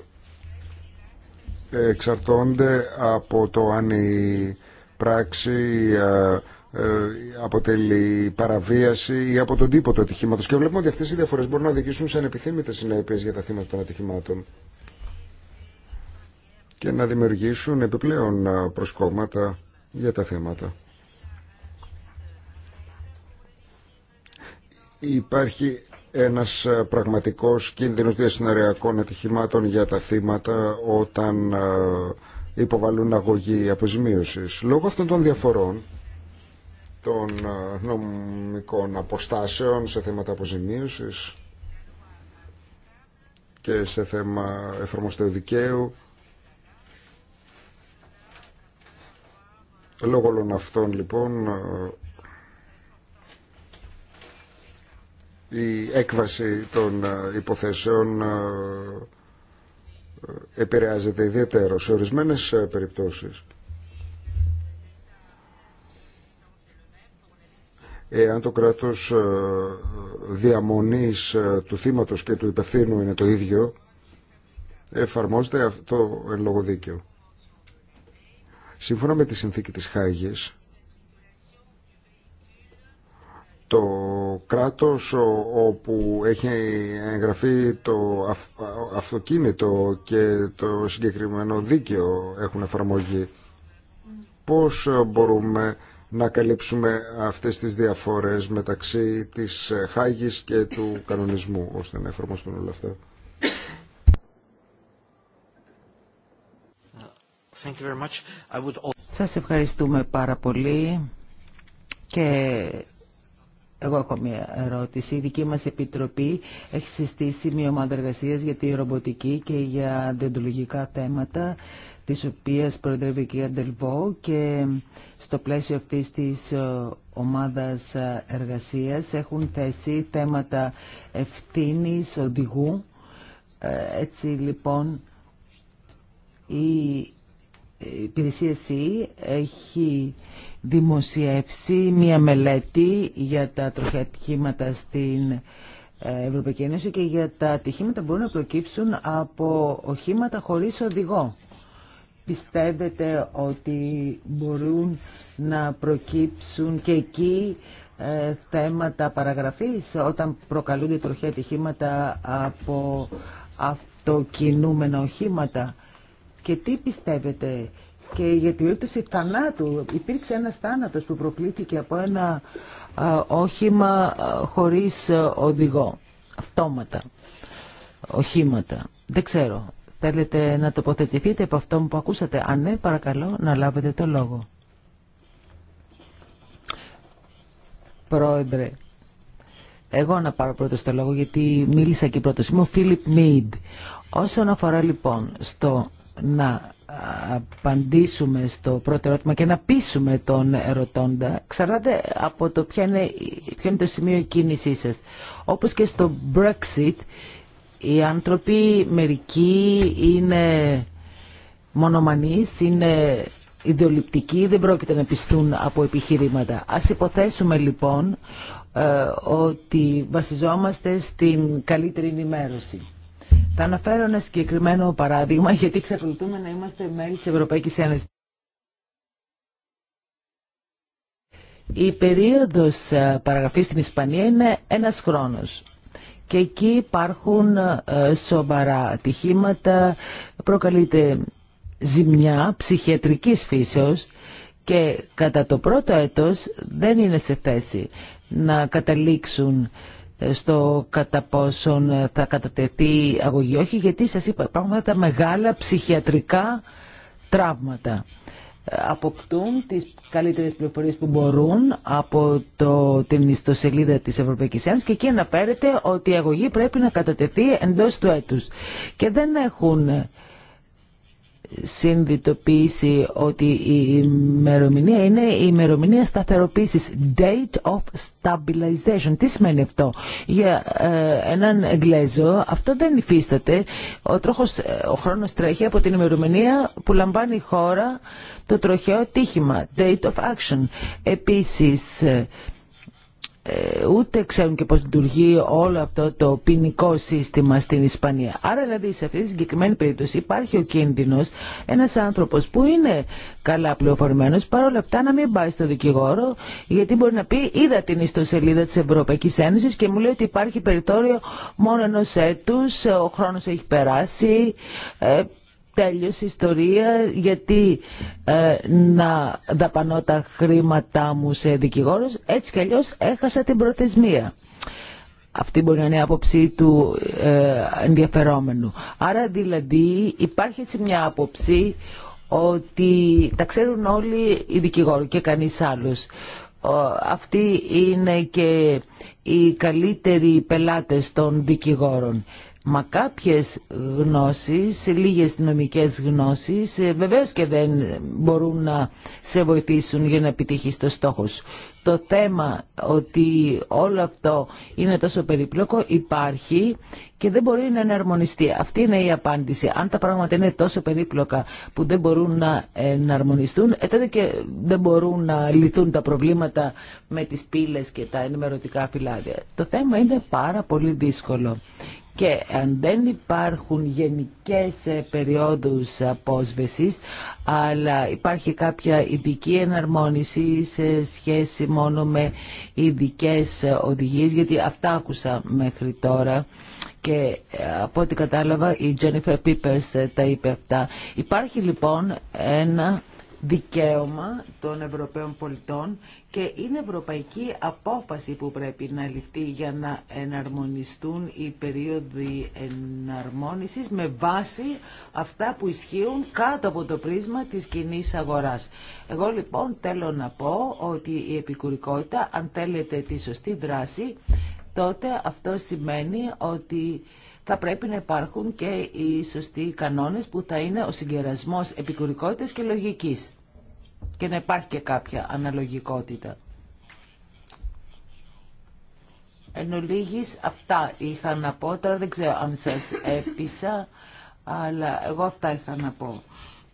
εξαρτώνται από το αν πράξη ε, ε, αποτελεί παραβίαση ή από τον τύπο του ατυχήματο. Και βλέπουμε ότι αυτέ οι διαφορέ μπορούν να οδηγήσουν σε ανεπιθύμητε συνέπειε για τα θύματα των ατυχημάτων και να δημιουργήσουν επιπλέον ε, προσκόμματα για τα θέματα. Υπάρχει ένας πραγματικός κίνδυνος διασυναριακών ατυχημάτων για τα θύματα όταν υποβαλούν αγωγή αποζημίωσης. Λόγω αυτών των διαφορών των ε, νομικών αποστάσεων σε θέματα αποζημίωσης και σε θέμα εφαρμοστέου δικαίου Λόγω όλων αυτών λοιπόν ε, η έκβαση των ε, υποθέσεων ε, επηρεάζεται ιδιαίτερο σε ορισμένες ε, περιπτώσεις. Εάν το κράτος ε, διαμονής του θύματος και του υπευθύνου είναι το ίδιο, εφαρμόζεται αυτό εν λόγω δίκαιο. Σύμφωνα με τη συνθήκη της Χάγης, το κράτος όπου έχει εγγραφεί το αυτοκίνητο και το συγκεκριμένο δίκαιο έχουν εφαρμογή. Πώς μπορούμε να καλύψουμε αυτές τις διαφορές μεταξύ της Χάγης και του κανονισμού ώστε να εφαρμοστούν όλα αυτά. Σας ευχαριστούμε πάρα πολύ και εγώ έχω μια ερώτηση. Η δική μας Επιτροπή έχει συστήσει μια ομάδα εργασίας για τη ρομποτική και για αντιοντολογικά θέματα της οποίας προεδρεύει η Αντελβό και στο πλαίσιο αυτής της ε, ομάδας ε, εργασίας έχουν θέσει θέματα ευθύνης οδηγού. Ε, έτσι λοιπόν η υπηρεσία ΣΥ έχει δημοσιεύσει μία μελέτη για τα τροχαία ατυχήματα στην ε, Ευρωπαϊκή Ένωση και για τα ατυχήματα που μπορούν να προκύψουν από οχήματα χωρίς οδηγό. Πιστεύετε ότι μπορούν να προκύψουν και εκεί ε, θέματα παραγραφής όταν προκαλούνται τροχαία ατυχήματα από αυτοκινούμενα οχήματα. Και τι πιστεύετε και για την περίπτωση θανάτου. Υπήρξε ένας θάνατος που προκλήθηκε από ένα όχημα χωρίς οδηγό. Αυτόματα. Οχήματα. Δεν ξέρω. Θέλετε να τοποθετηθείτε από αυτό που ακούσατε. Αν ναι, παρακαλώ να λάβετε το λόγο. Πρόεδρε, εγώ να πάρω πρώτος το λόγο γιατί μίλησα και πρώτος. Είμαι ο Φίλιπ Μίντ. Όσον αφορά λοιπόν στο να απαντήσουμε στο πρώτο ερώτημα και να πείσουμε τον ερωτώντα ξαρτάται από το ποιο είναι, το σημείο κίνησή σας. Όπως και στο Brexit οι άνθρωποι μερικοί είναι μονομανείς, είναι ιδεολειπτικοί, δεν πρόκειται να πιστούν από επιχειρήματα. Ας υποθέσουμε λοιπόν ε, ότι βασιζόμαστε στην καλύτερη ενημέρωση. Θα αναφέρω ένα συγκεκριμένο παράδειγμα γιατί εξακολουθούμε να είμαστε μέλη της Ευρωπαϊκής Ένωσης. Η περίοδος ε, παραγραφής στην Ισπανία είναι ένας χρόνος και εκεί υπάρχουν ε, σοβαρά ατυχήματα, προκαλείται ζημιά ψυχιατρικής φύσεως και κατά το πρώτο έτος δεν είναι σε θέση να καταλήξουν στο κατά πόσον θα κατατεθεί αγωγή. Όχι, γιατί σας είπα, υπάρχουν τα μεγάλα ψυχιατρικά τραύματα. Αποκτούν τις καλύτερες πληροφορίες που μπορούν από το, την ιστοσελίδα της Ευρωπαϊκής Ένωσης και εκεί αναφέρεται ότι η αγωγή πρέπει να κατατεθεί εντός του έτους. Και δεν έχουν συνειδητοποίηση ότι η ημερομηνία είναι η ημερομηνία σταθεροποίησης date of stabilization τι σημαίνει αυτό για ε, έναν Εγγλέζο αυτό δεν υφίσταται ο, ε, ο χρόνος τρέχει από την ημερομηνία που λαμβάνει η χώρα το τροχαίο τύχημα date of action επίσης ε, ε, ούτε ξέρουν και πώς λειτουργεί όλο αυτό το ποινικό σύστημα στην Ισπανία. Άρα δηλαδή σε αυτή τη συγκεκριμένη περίπτωση υπάρχει ο κίνδυνος ένας άνθρωπος που είναι καλά πληροφορημένος παρόλα αυτά να μην πάει στο δικηγόρο γιατί μπορεί να πει είδα την ιστοσελίδα της Ευρωπαϊκής Ένωσης και μου λέει ότι υπάρχει περιτόριο μόνο ενός έτους, ο χρόνος έχει περάσει, ε, τέλειος ιστορία γιατί ε, να δαπανώ τα χρήματά μου σε δικηγόρους έτσι κι αλλιώς έχασα την προθεσμία. Αυτή μπορεί να είναι η άποψη του ε, ενδιαφερόμενου. Άρα δηλαδή υπάρχει μια άποψη ότι τα ξέρουν όλοι οι δικηγόροι και κανείς άλλος. Αυτοί είναι και οι καλύτεροι πελάτες των δικηγόρων. Μα κάποιες γνώσεις, λίγες νομικές γνώσεις, ε, βεβαίως και δεν μπορούν να σε βοηθήσουν για να επιτύχεις το στόχο Το θέμα ότι όλο αυτό είναι τόσο περίπλοκο υπάρχει και δεν μπορεί να εναρμονιστεί. Αυτή είναι η απάντηση. Αν τα πράγματα είναι τόσο περίπλοκα που δεν μπορούν να εναρμονιστούν, ε, και δεν μπορούν να λυθούν τα προβλήματα με τις πύλες και τα ενημερωτικά φυλάδια. Το θέμα είναι πάρα πολύ δύσκολο και αν δεν υπάρχουν γενικές ε, περιόδους απόσβεσης, αλλά υπάρχει κάποια ειδική εναρμόνιση σε σχέση μόνο με ειδικέ ε, οδηγίες, γιατί αυτά άκουσα μέχρι τώρα και ε, από ό,τι κατάλαβα η Jennifer Peepers τα είπε αυτά. Υπάρχει λοιπόν ένα δικαίωμα των Ευρωπαίων πολιτών και είναι ευρωπαϊκή απόφαση που πρέπει να ληφθεί για να εναρμονιστούν οι περίοδοι εναρμόνισης με βάση αυτά που ισχύουν κάτω από το πρίσμα της κοινή αγοράς. Εγώ λοιπόν θέλω να πω ότι η επικουρικότητα, αν θέλετε τη σωστή δράση, τότε αυτό σημαίνει ότι θα πρέπει να υπάρχουν και οι σωστοί κανόνες που θα είναι ο συγκερασμός επικουρικότητας και λογικής και να υπάρχει και κάποια αναλογικότητα. Εν ολίγης, αυτά είχα να πω. Τώρα δεν ξέρω αν σας έπεισα, αλλά εγώ αυτά είχα να πω.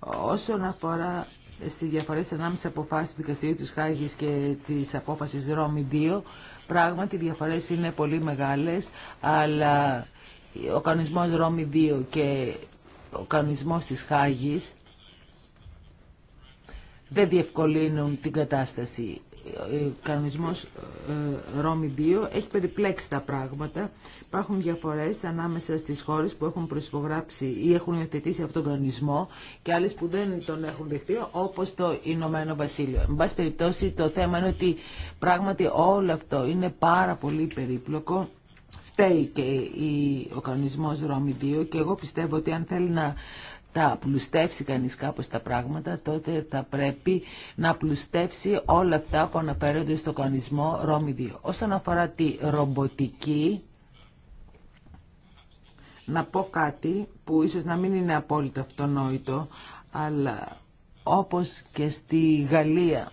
Όσον αφορά στις διαφορές ανάμεσα αποφάσεις του Δικαστηρίου της Χάγης και της απόφασης Ρώμη 2, πράγματι οι διαφορές είναι πολύ μεγάλες, αλλά ο κανονισμός Ρώμη 2 και ο κανονισμός της Χάγης δεν διευκολύνουν την κατάσταση. Ε, ο κανονισμός ε, Ρώμη 2 έχει περιπλέξει τα πράγματα. Υπάρχουν διαφορές ανάμεσα στις χώρες που έχουν προσυπογράψει ή έχουν υιοθετήσει αυτόν τον κανονισμό και άλλες που δεν τον έχουν δεχτεί, όπως το Ηνωμένο Βασίλειο. Εν πάση περιπτώσει, το θέμα είναι ότι πράγματι όλο αυτό είναι πάρα πολύ περίπλοκο. Φταίει και ο κανονισμός Ρώμη 2 και εγώ πιστεύω ότι αν θέλει να τα πλουστεύσει κανείς κάπως τα πράγματα, τότε θα πρέπει να πλουστεύσει όλα αυτά που αναφέρονται στο κανονισμό Ρώμη 2. Όσον αφορά τη ρομποτική, να πω κάτι που ίσως να μην είναι απόλυτα αυτονόητο, αλλά όπως και στη Γαλλία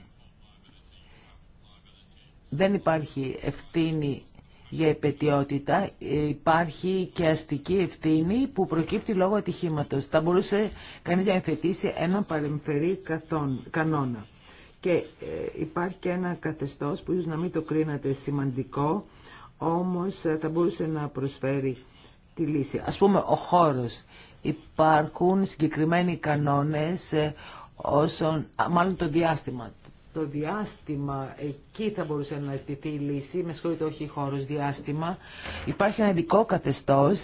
δεν υπάρχει ευθύνη για επαιτιότητα υπάρχει και αστική ευθύνη που προκύπτει λόγω ατυχήματος. Θα μπορούσε κανείς να εθετήσει ένα παρεμφερή κανόνα. Και ε, υπάρχει και ένα καθεστώς που ίσως να μην το κρίνατε σημαντικό, όμως ε, θα μπορούσε να προσφέρει τη λύση. Ας πούμε ο χώρος. Υπάρχουν συγκεκριμένοι κανόνες ε, όσον, μάλλον το διάστημα το διάστημα, εκεί θα μπορούσε να ζητηθεί η λύση, με συγχωρείτε όχι χώρος, διάστημα. Υπάρχει ένα ειδικό καθεστώς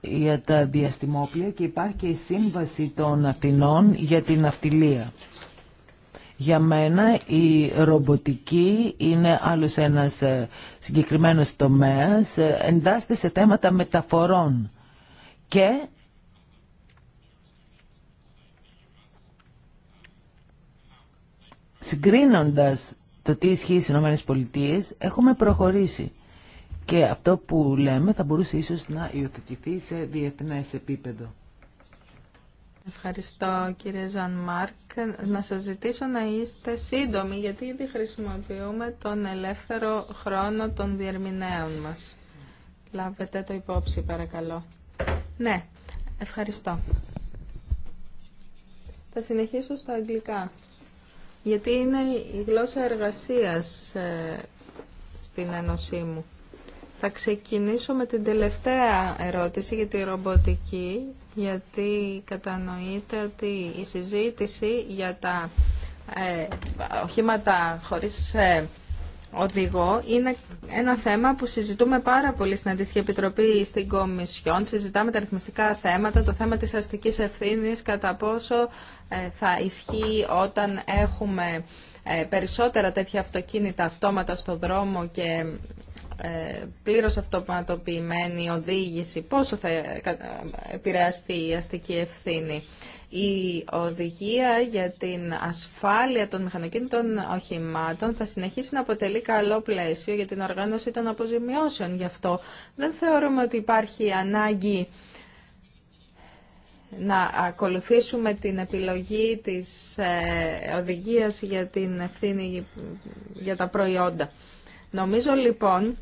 για τα διαστημόπλια και υπάρχει και η σύμβαση των Αθηνών για την Ναυτιλία. Για μένα η ρομποτική είναι άλλος ένας ε, συγκεκριμένος τομέας, ε, εντάσσεται σε θέματα μεταφορών και Συγκρίνοντας το τι ισχύει στις ΗΠΑ, έχουμε προχωρήσει. Και αυτό που λέμε θα μπορούσε ίσως να υιοθετηθεί σε διεθνές επίπεδο. Ευχαριστώ κύριε Ζαν Μάρκ. Να σας ζητήσω να είστε σύντομοι γιατί ήδη χρησιμοποιούμε τον ελεύθερο χρόνο των διερμηνέων μας. Λάβετε το υπόψη παρακαλώ. Ναι, ευχαριστώ. Θα συνεχίσω στα αγγλικά γιατί είναι η γλώσσα εργασίας ε, στην Ένωσή μου. Θα ξεκινήσω με την τελευταία ερώτηση για τη ρομποτική, γιατί κατανοείται ότι η συζήτηση για τα ε, οχήματα χωρίς ε, οδηγό είναι ένα θέμα που συζητούμε πάρα πολύ στην Αντίστοιχη Επιτροπή στην Κομισιόν. Συζητάμε τα ρυθμιστικά θέματα, το θέμα της αστικής ευθύνης, κατά πόσο ε, θα ισχύει όταν έχουμε ε, περισσότερα τέτοια αυτοκίνητα αυτόματα στο δρόμο και ε, πλήρως αυτοματοποιημένη οδήγηση, πόσο θα επηρεαστεί η αστική ευθύνη. Η οδηγία για την ασφάλεια των μηχανοκίνητων οχημάτων θα συνεχίσει να αποτελεί καλό πλαίσιο για την οργάνωση των αποζημιώσεων. Γι' αυτό δεν θεωρούμε ότι υπάρχει ανάγκη να ακολουθήσουμε την επιλογή της ε, οδηγίας για την ευθύνη για τα προϊόντα. Νομίζω λοιπόν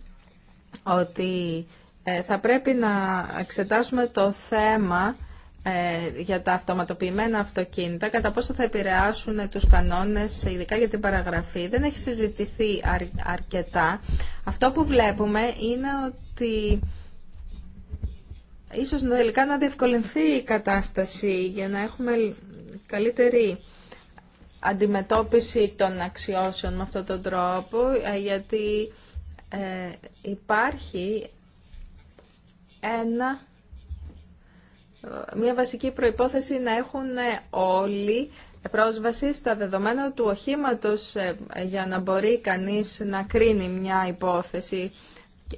ότι ε, θα πρέπει να εξετάσουμε το θέμα ε, για τα αυτοματοποιημένα αυτοκίνητα, κατά πόσο θα επηρεάσουν τους κανόνες, ειδικά για την παραγραφή, δεν έχει συζητηθεί αρκετά. Αυτό που βλέπουμε είναι ότι ίσως τελικά να διευκολυνθεί η κατάσταση για να έχουμε καλύτερη αντιμετώπιση των αξιώσεων με αυτόν τον τρόπο, ε, γιατί ε, υπάρχει ένα μια βασική προϋπόθεση να έχουν ε, όλοι πρόσβαση στα δεδομένα του οχήματος ε, για να μπορεί κανείς να κρίνει μια υπόθεση.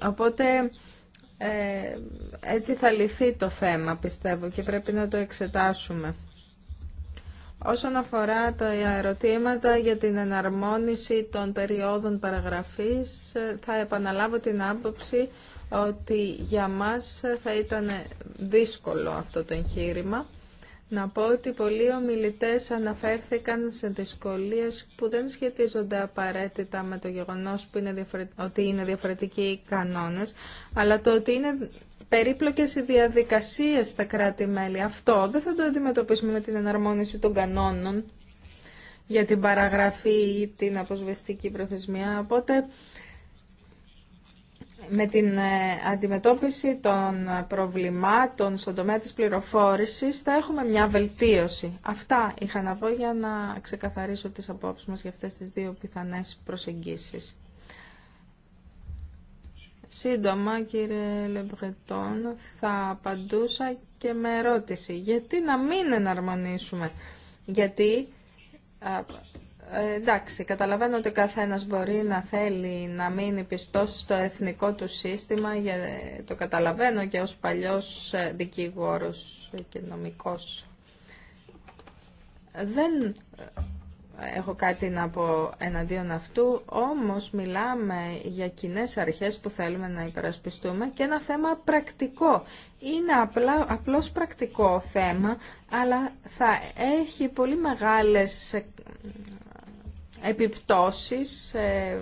Οπότε ε, έτσι θα λυθεί το θέμα πιστεύω και πρέπει να το εξετάσουμε. Όσον αφορά τα ερωτήματα για την εναρμόνιση των περιόδων παραγραφής, θα επαναλάβω την άποψη ότι για μας θα ήταν δύσκολο αυτό το εγχείρημα. Να πω ότι πολλοί ομιλητές αναφέρθηκαν σε δυσκολίες που δεν σχετίζονται απαραίτητα με το γεγονός που είναι ότι είναι διαφορετικοί οι κανόνες, αλλά το ότι είναι περίπλοκες οι διαδικασίες στα κράτη-μέλη. Αυτό δεν θα το αντιμετωπίσουμε με την εναρμόνιση των κανόνων για την παραγραφή ή την αποσβεστική προθεσμία. Οπότε με την ε, αντιμετώπιση των προβλημάτων στον τομέα της πληροφόρησης θα έχουμε μια βελτίωση. Αυτά είχα να πω για να ξεκαθαρίσω τις απόψεις μας για αυτές τις δύο πιθανές προσεγγίσεις. Σύντομα, κύριε Λεμπρετών, θα απαντούσα και με ερώτηση. Γιατί να μην εναρμονίσουμε. Γιατί ε, εντάξει, καταλαβαίνω ότι καθένας μπορεί να θέλει να μείνει πιστός στο εθνικό του σύστημα, για, το καταλαβαίνω και ως παλιός ε, δικηγόρος και νομικός. Δεν ε, έχω κάτι να πω εναντίον αυτού, όμως μιλάμε για κοινέ αρχές που θέλουμε να υπερασπιστούμε και ένα θέμα πρακτικό. Είναι απλά, απλώς πρακτικό θέμα, αλλά θα έχει πολύ μεγάλες επιπτώσεις, ε,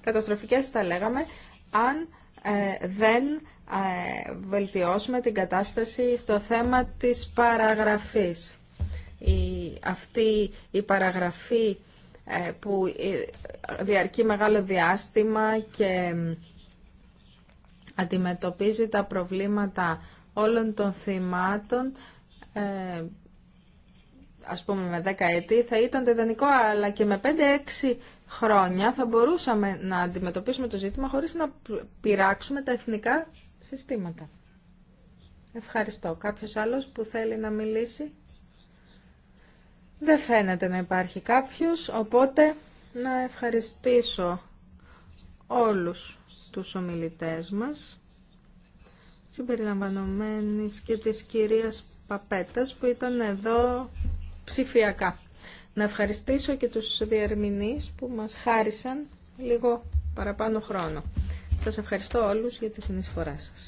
καταστροφικές τα λέγαμε, αν ε, δεν ε, βελτιώσουμε την κατάσταση στο θέμα της παραγραφής. Η, αυτή η παραγραφή που διαρκεί μεγάλο διάστημα και αντιμετωπίζει τα προβλήματα όλων των θυμάτων ας πούμε με 10 ετή θα ήταν το ιδανικό, αλλά και με 5-6 χρόνια θα μπορούσαμε να αντιμετωπίσουμε το ζήτημα χωρίς να πειράξουμε τα εθνικά συστήματα. Ευχαριστώ. Κάποιος άλλος που θέλει να μιλήσει. Δεν φαίνεται να υπάρχει κάποιος, οπότε να ευχαριστήσω όλους τους ομιλητές μας, συμπεριλαμβανομένης και της κυρίας Παπέτας που ήταν εδώ ψηφιακά. Να ευχαριστήσω και τους διερμηνείς που μας χάρισαν λίγο παραπάνω χρόνο. Σας ευχαριστώ όλους για τη συνεισφορά σας.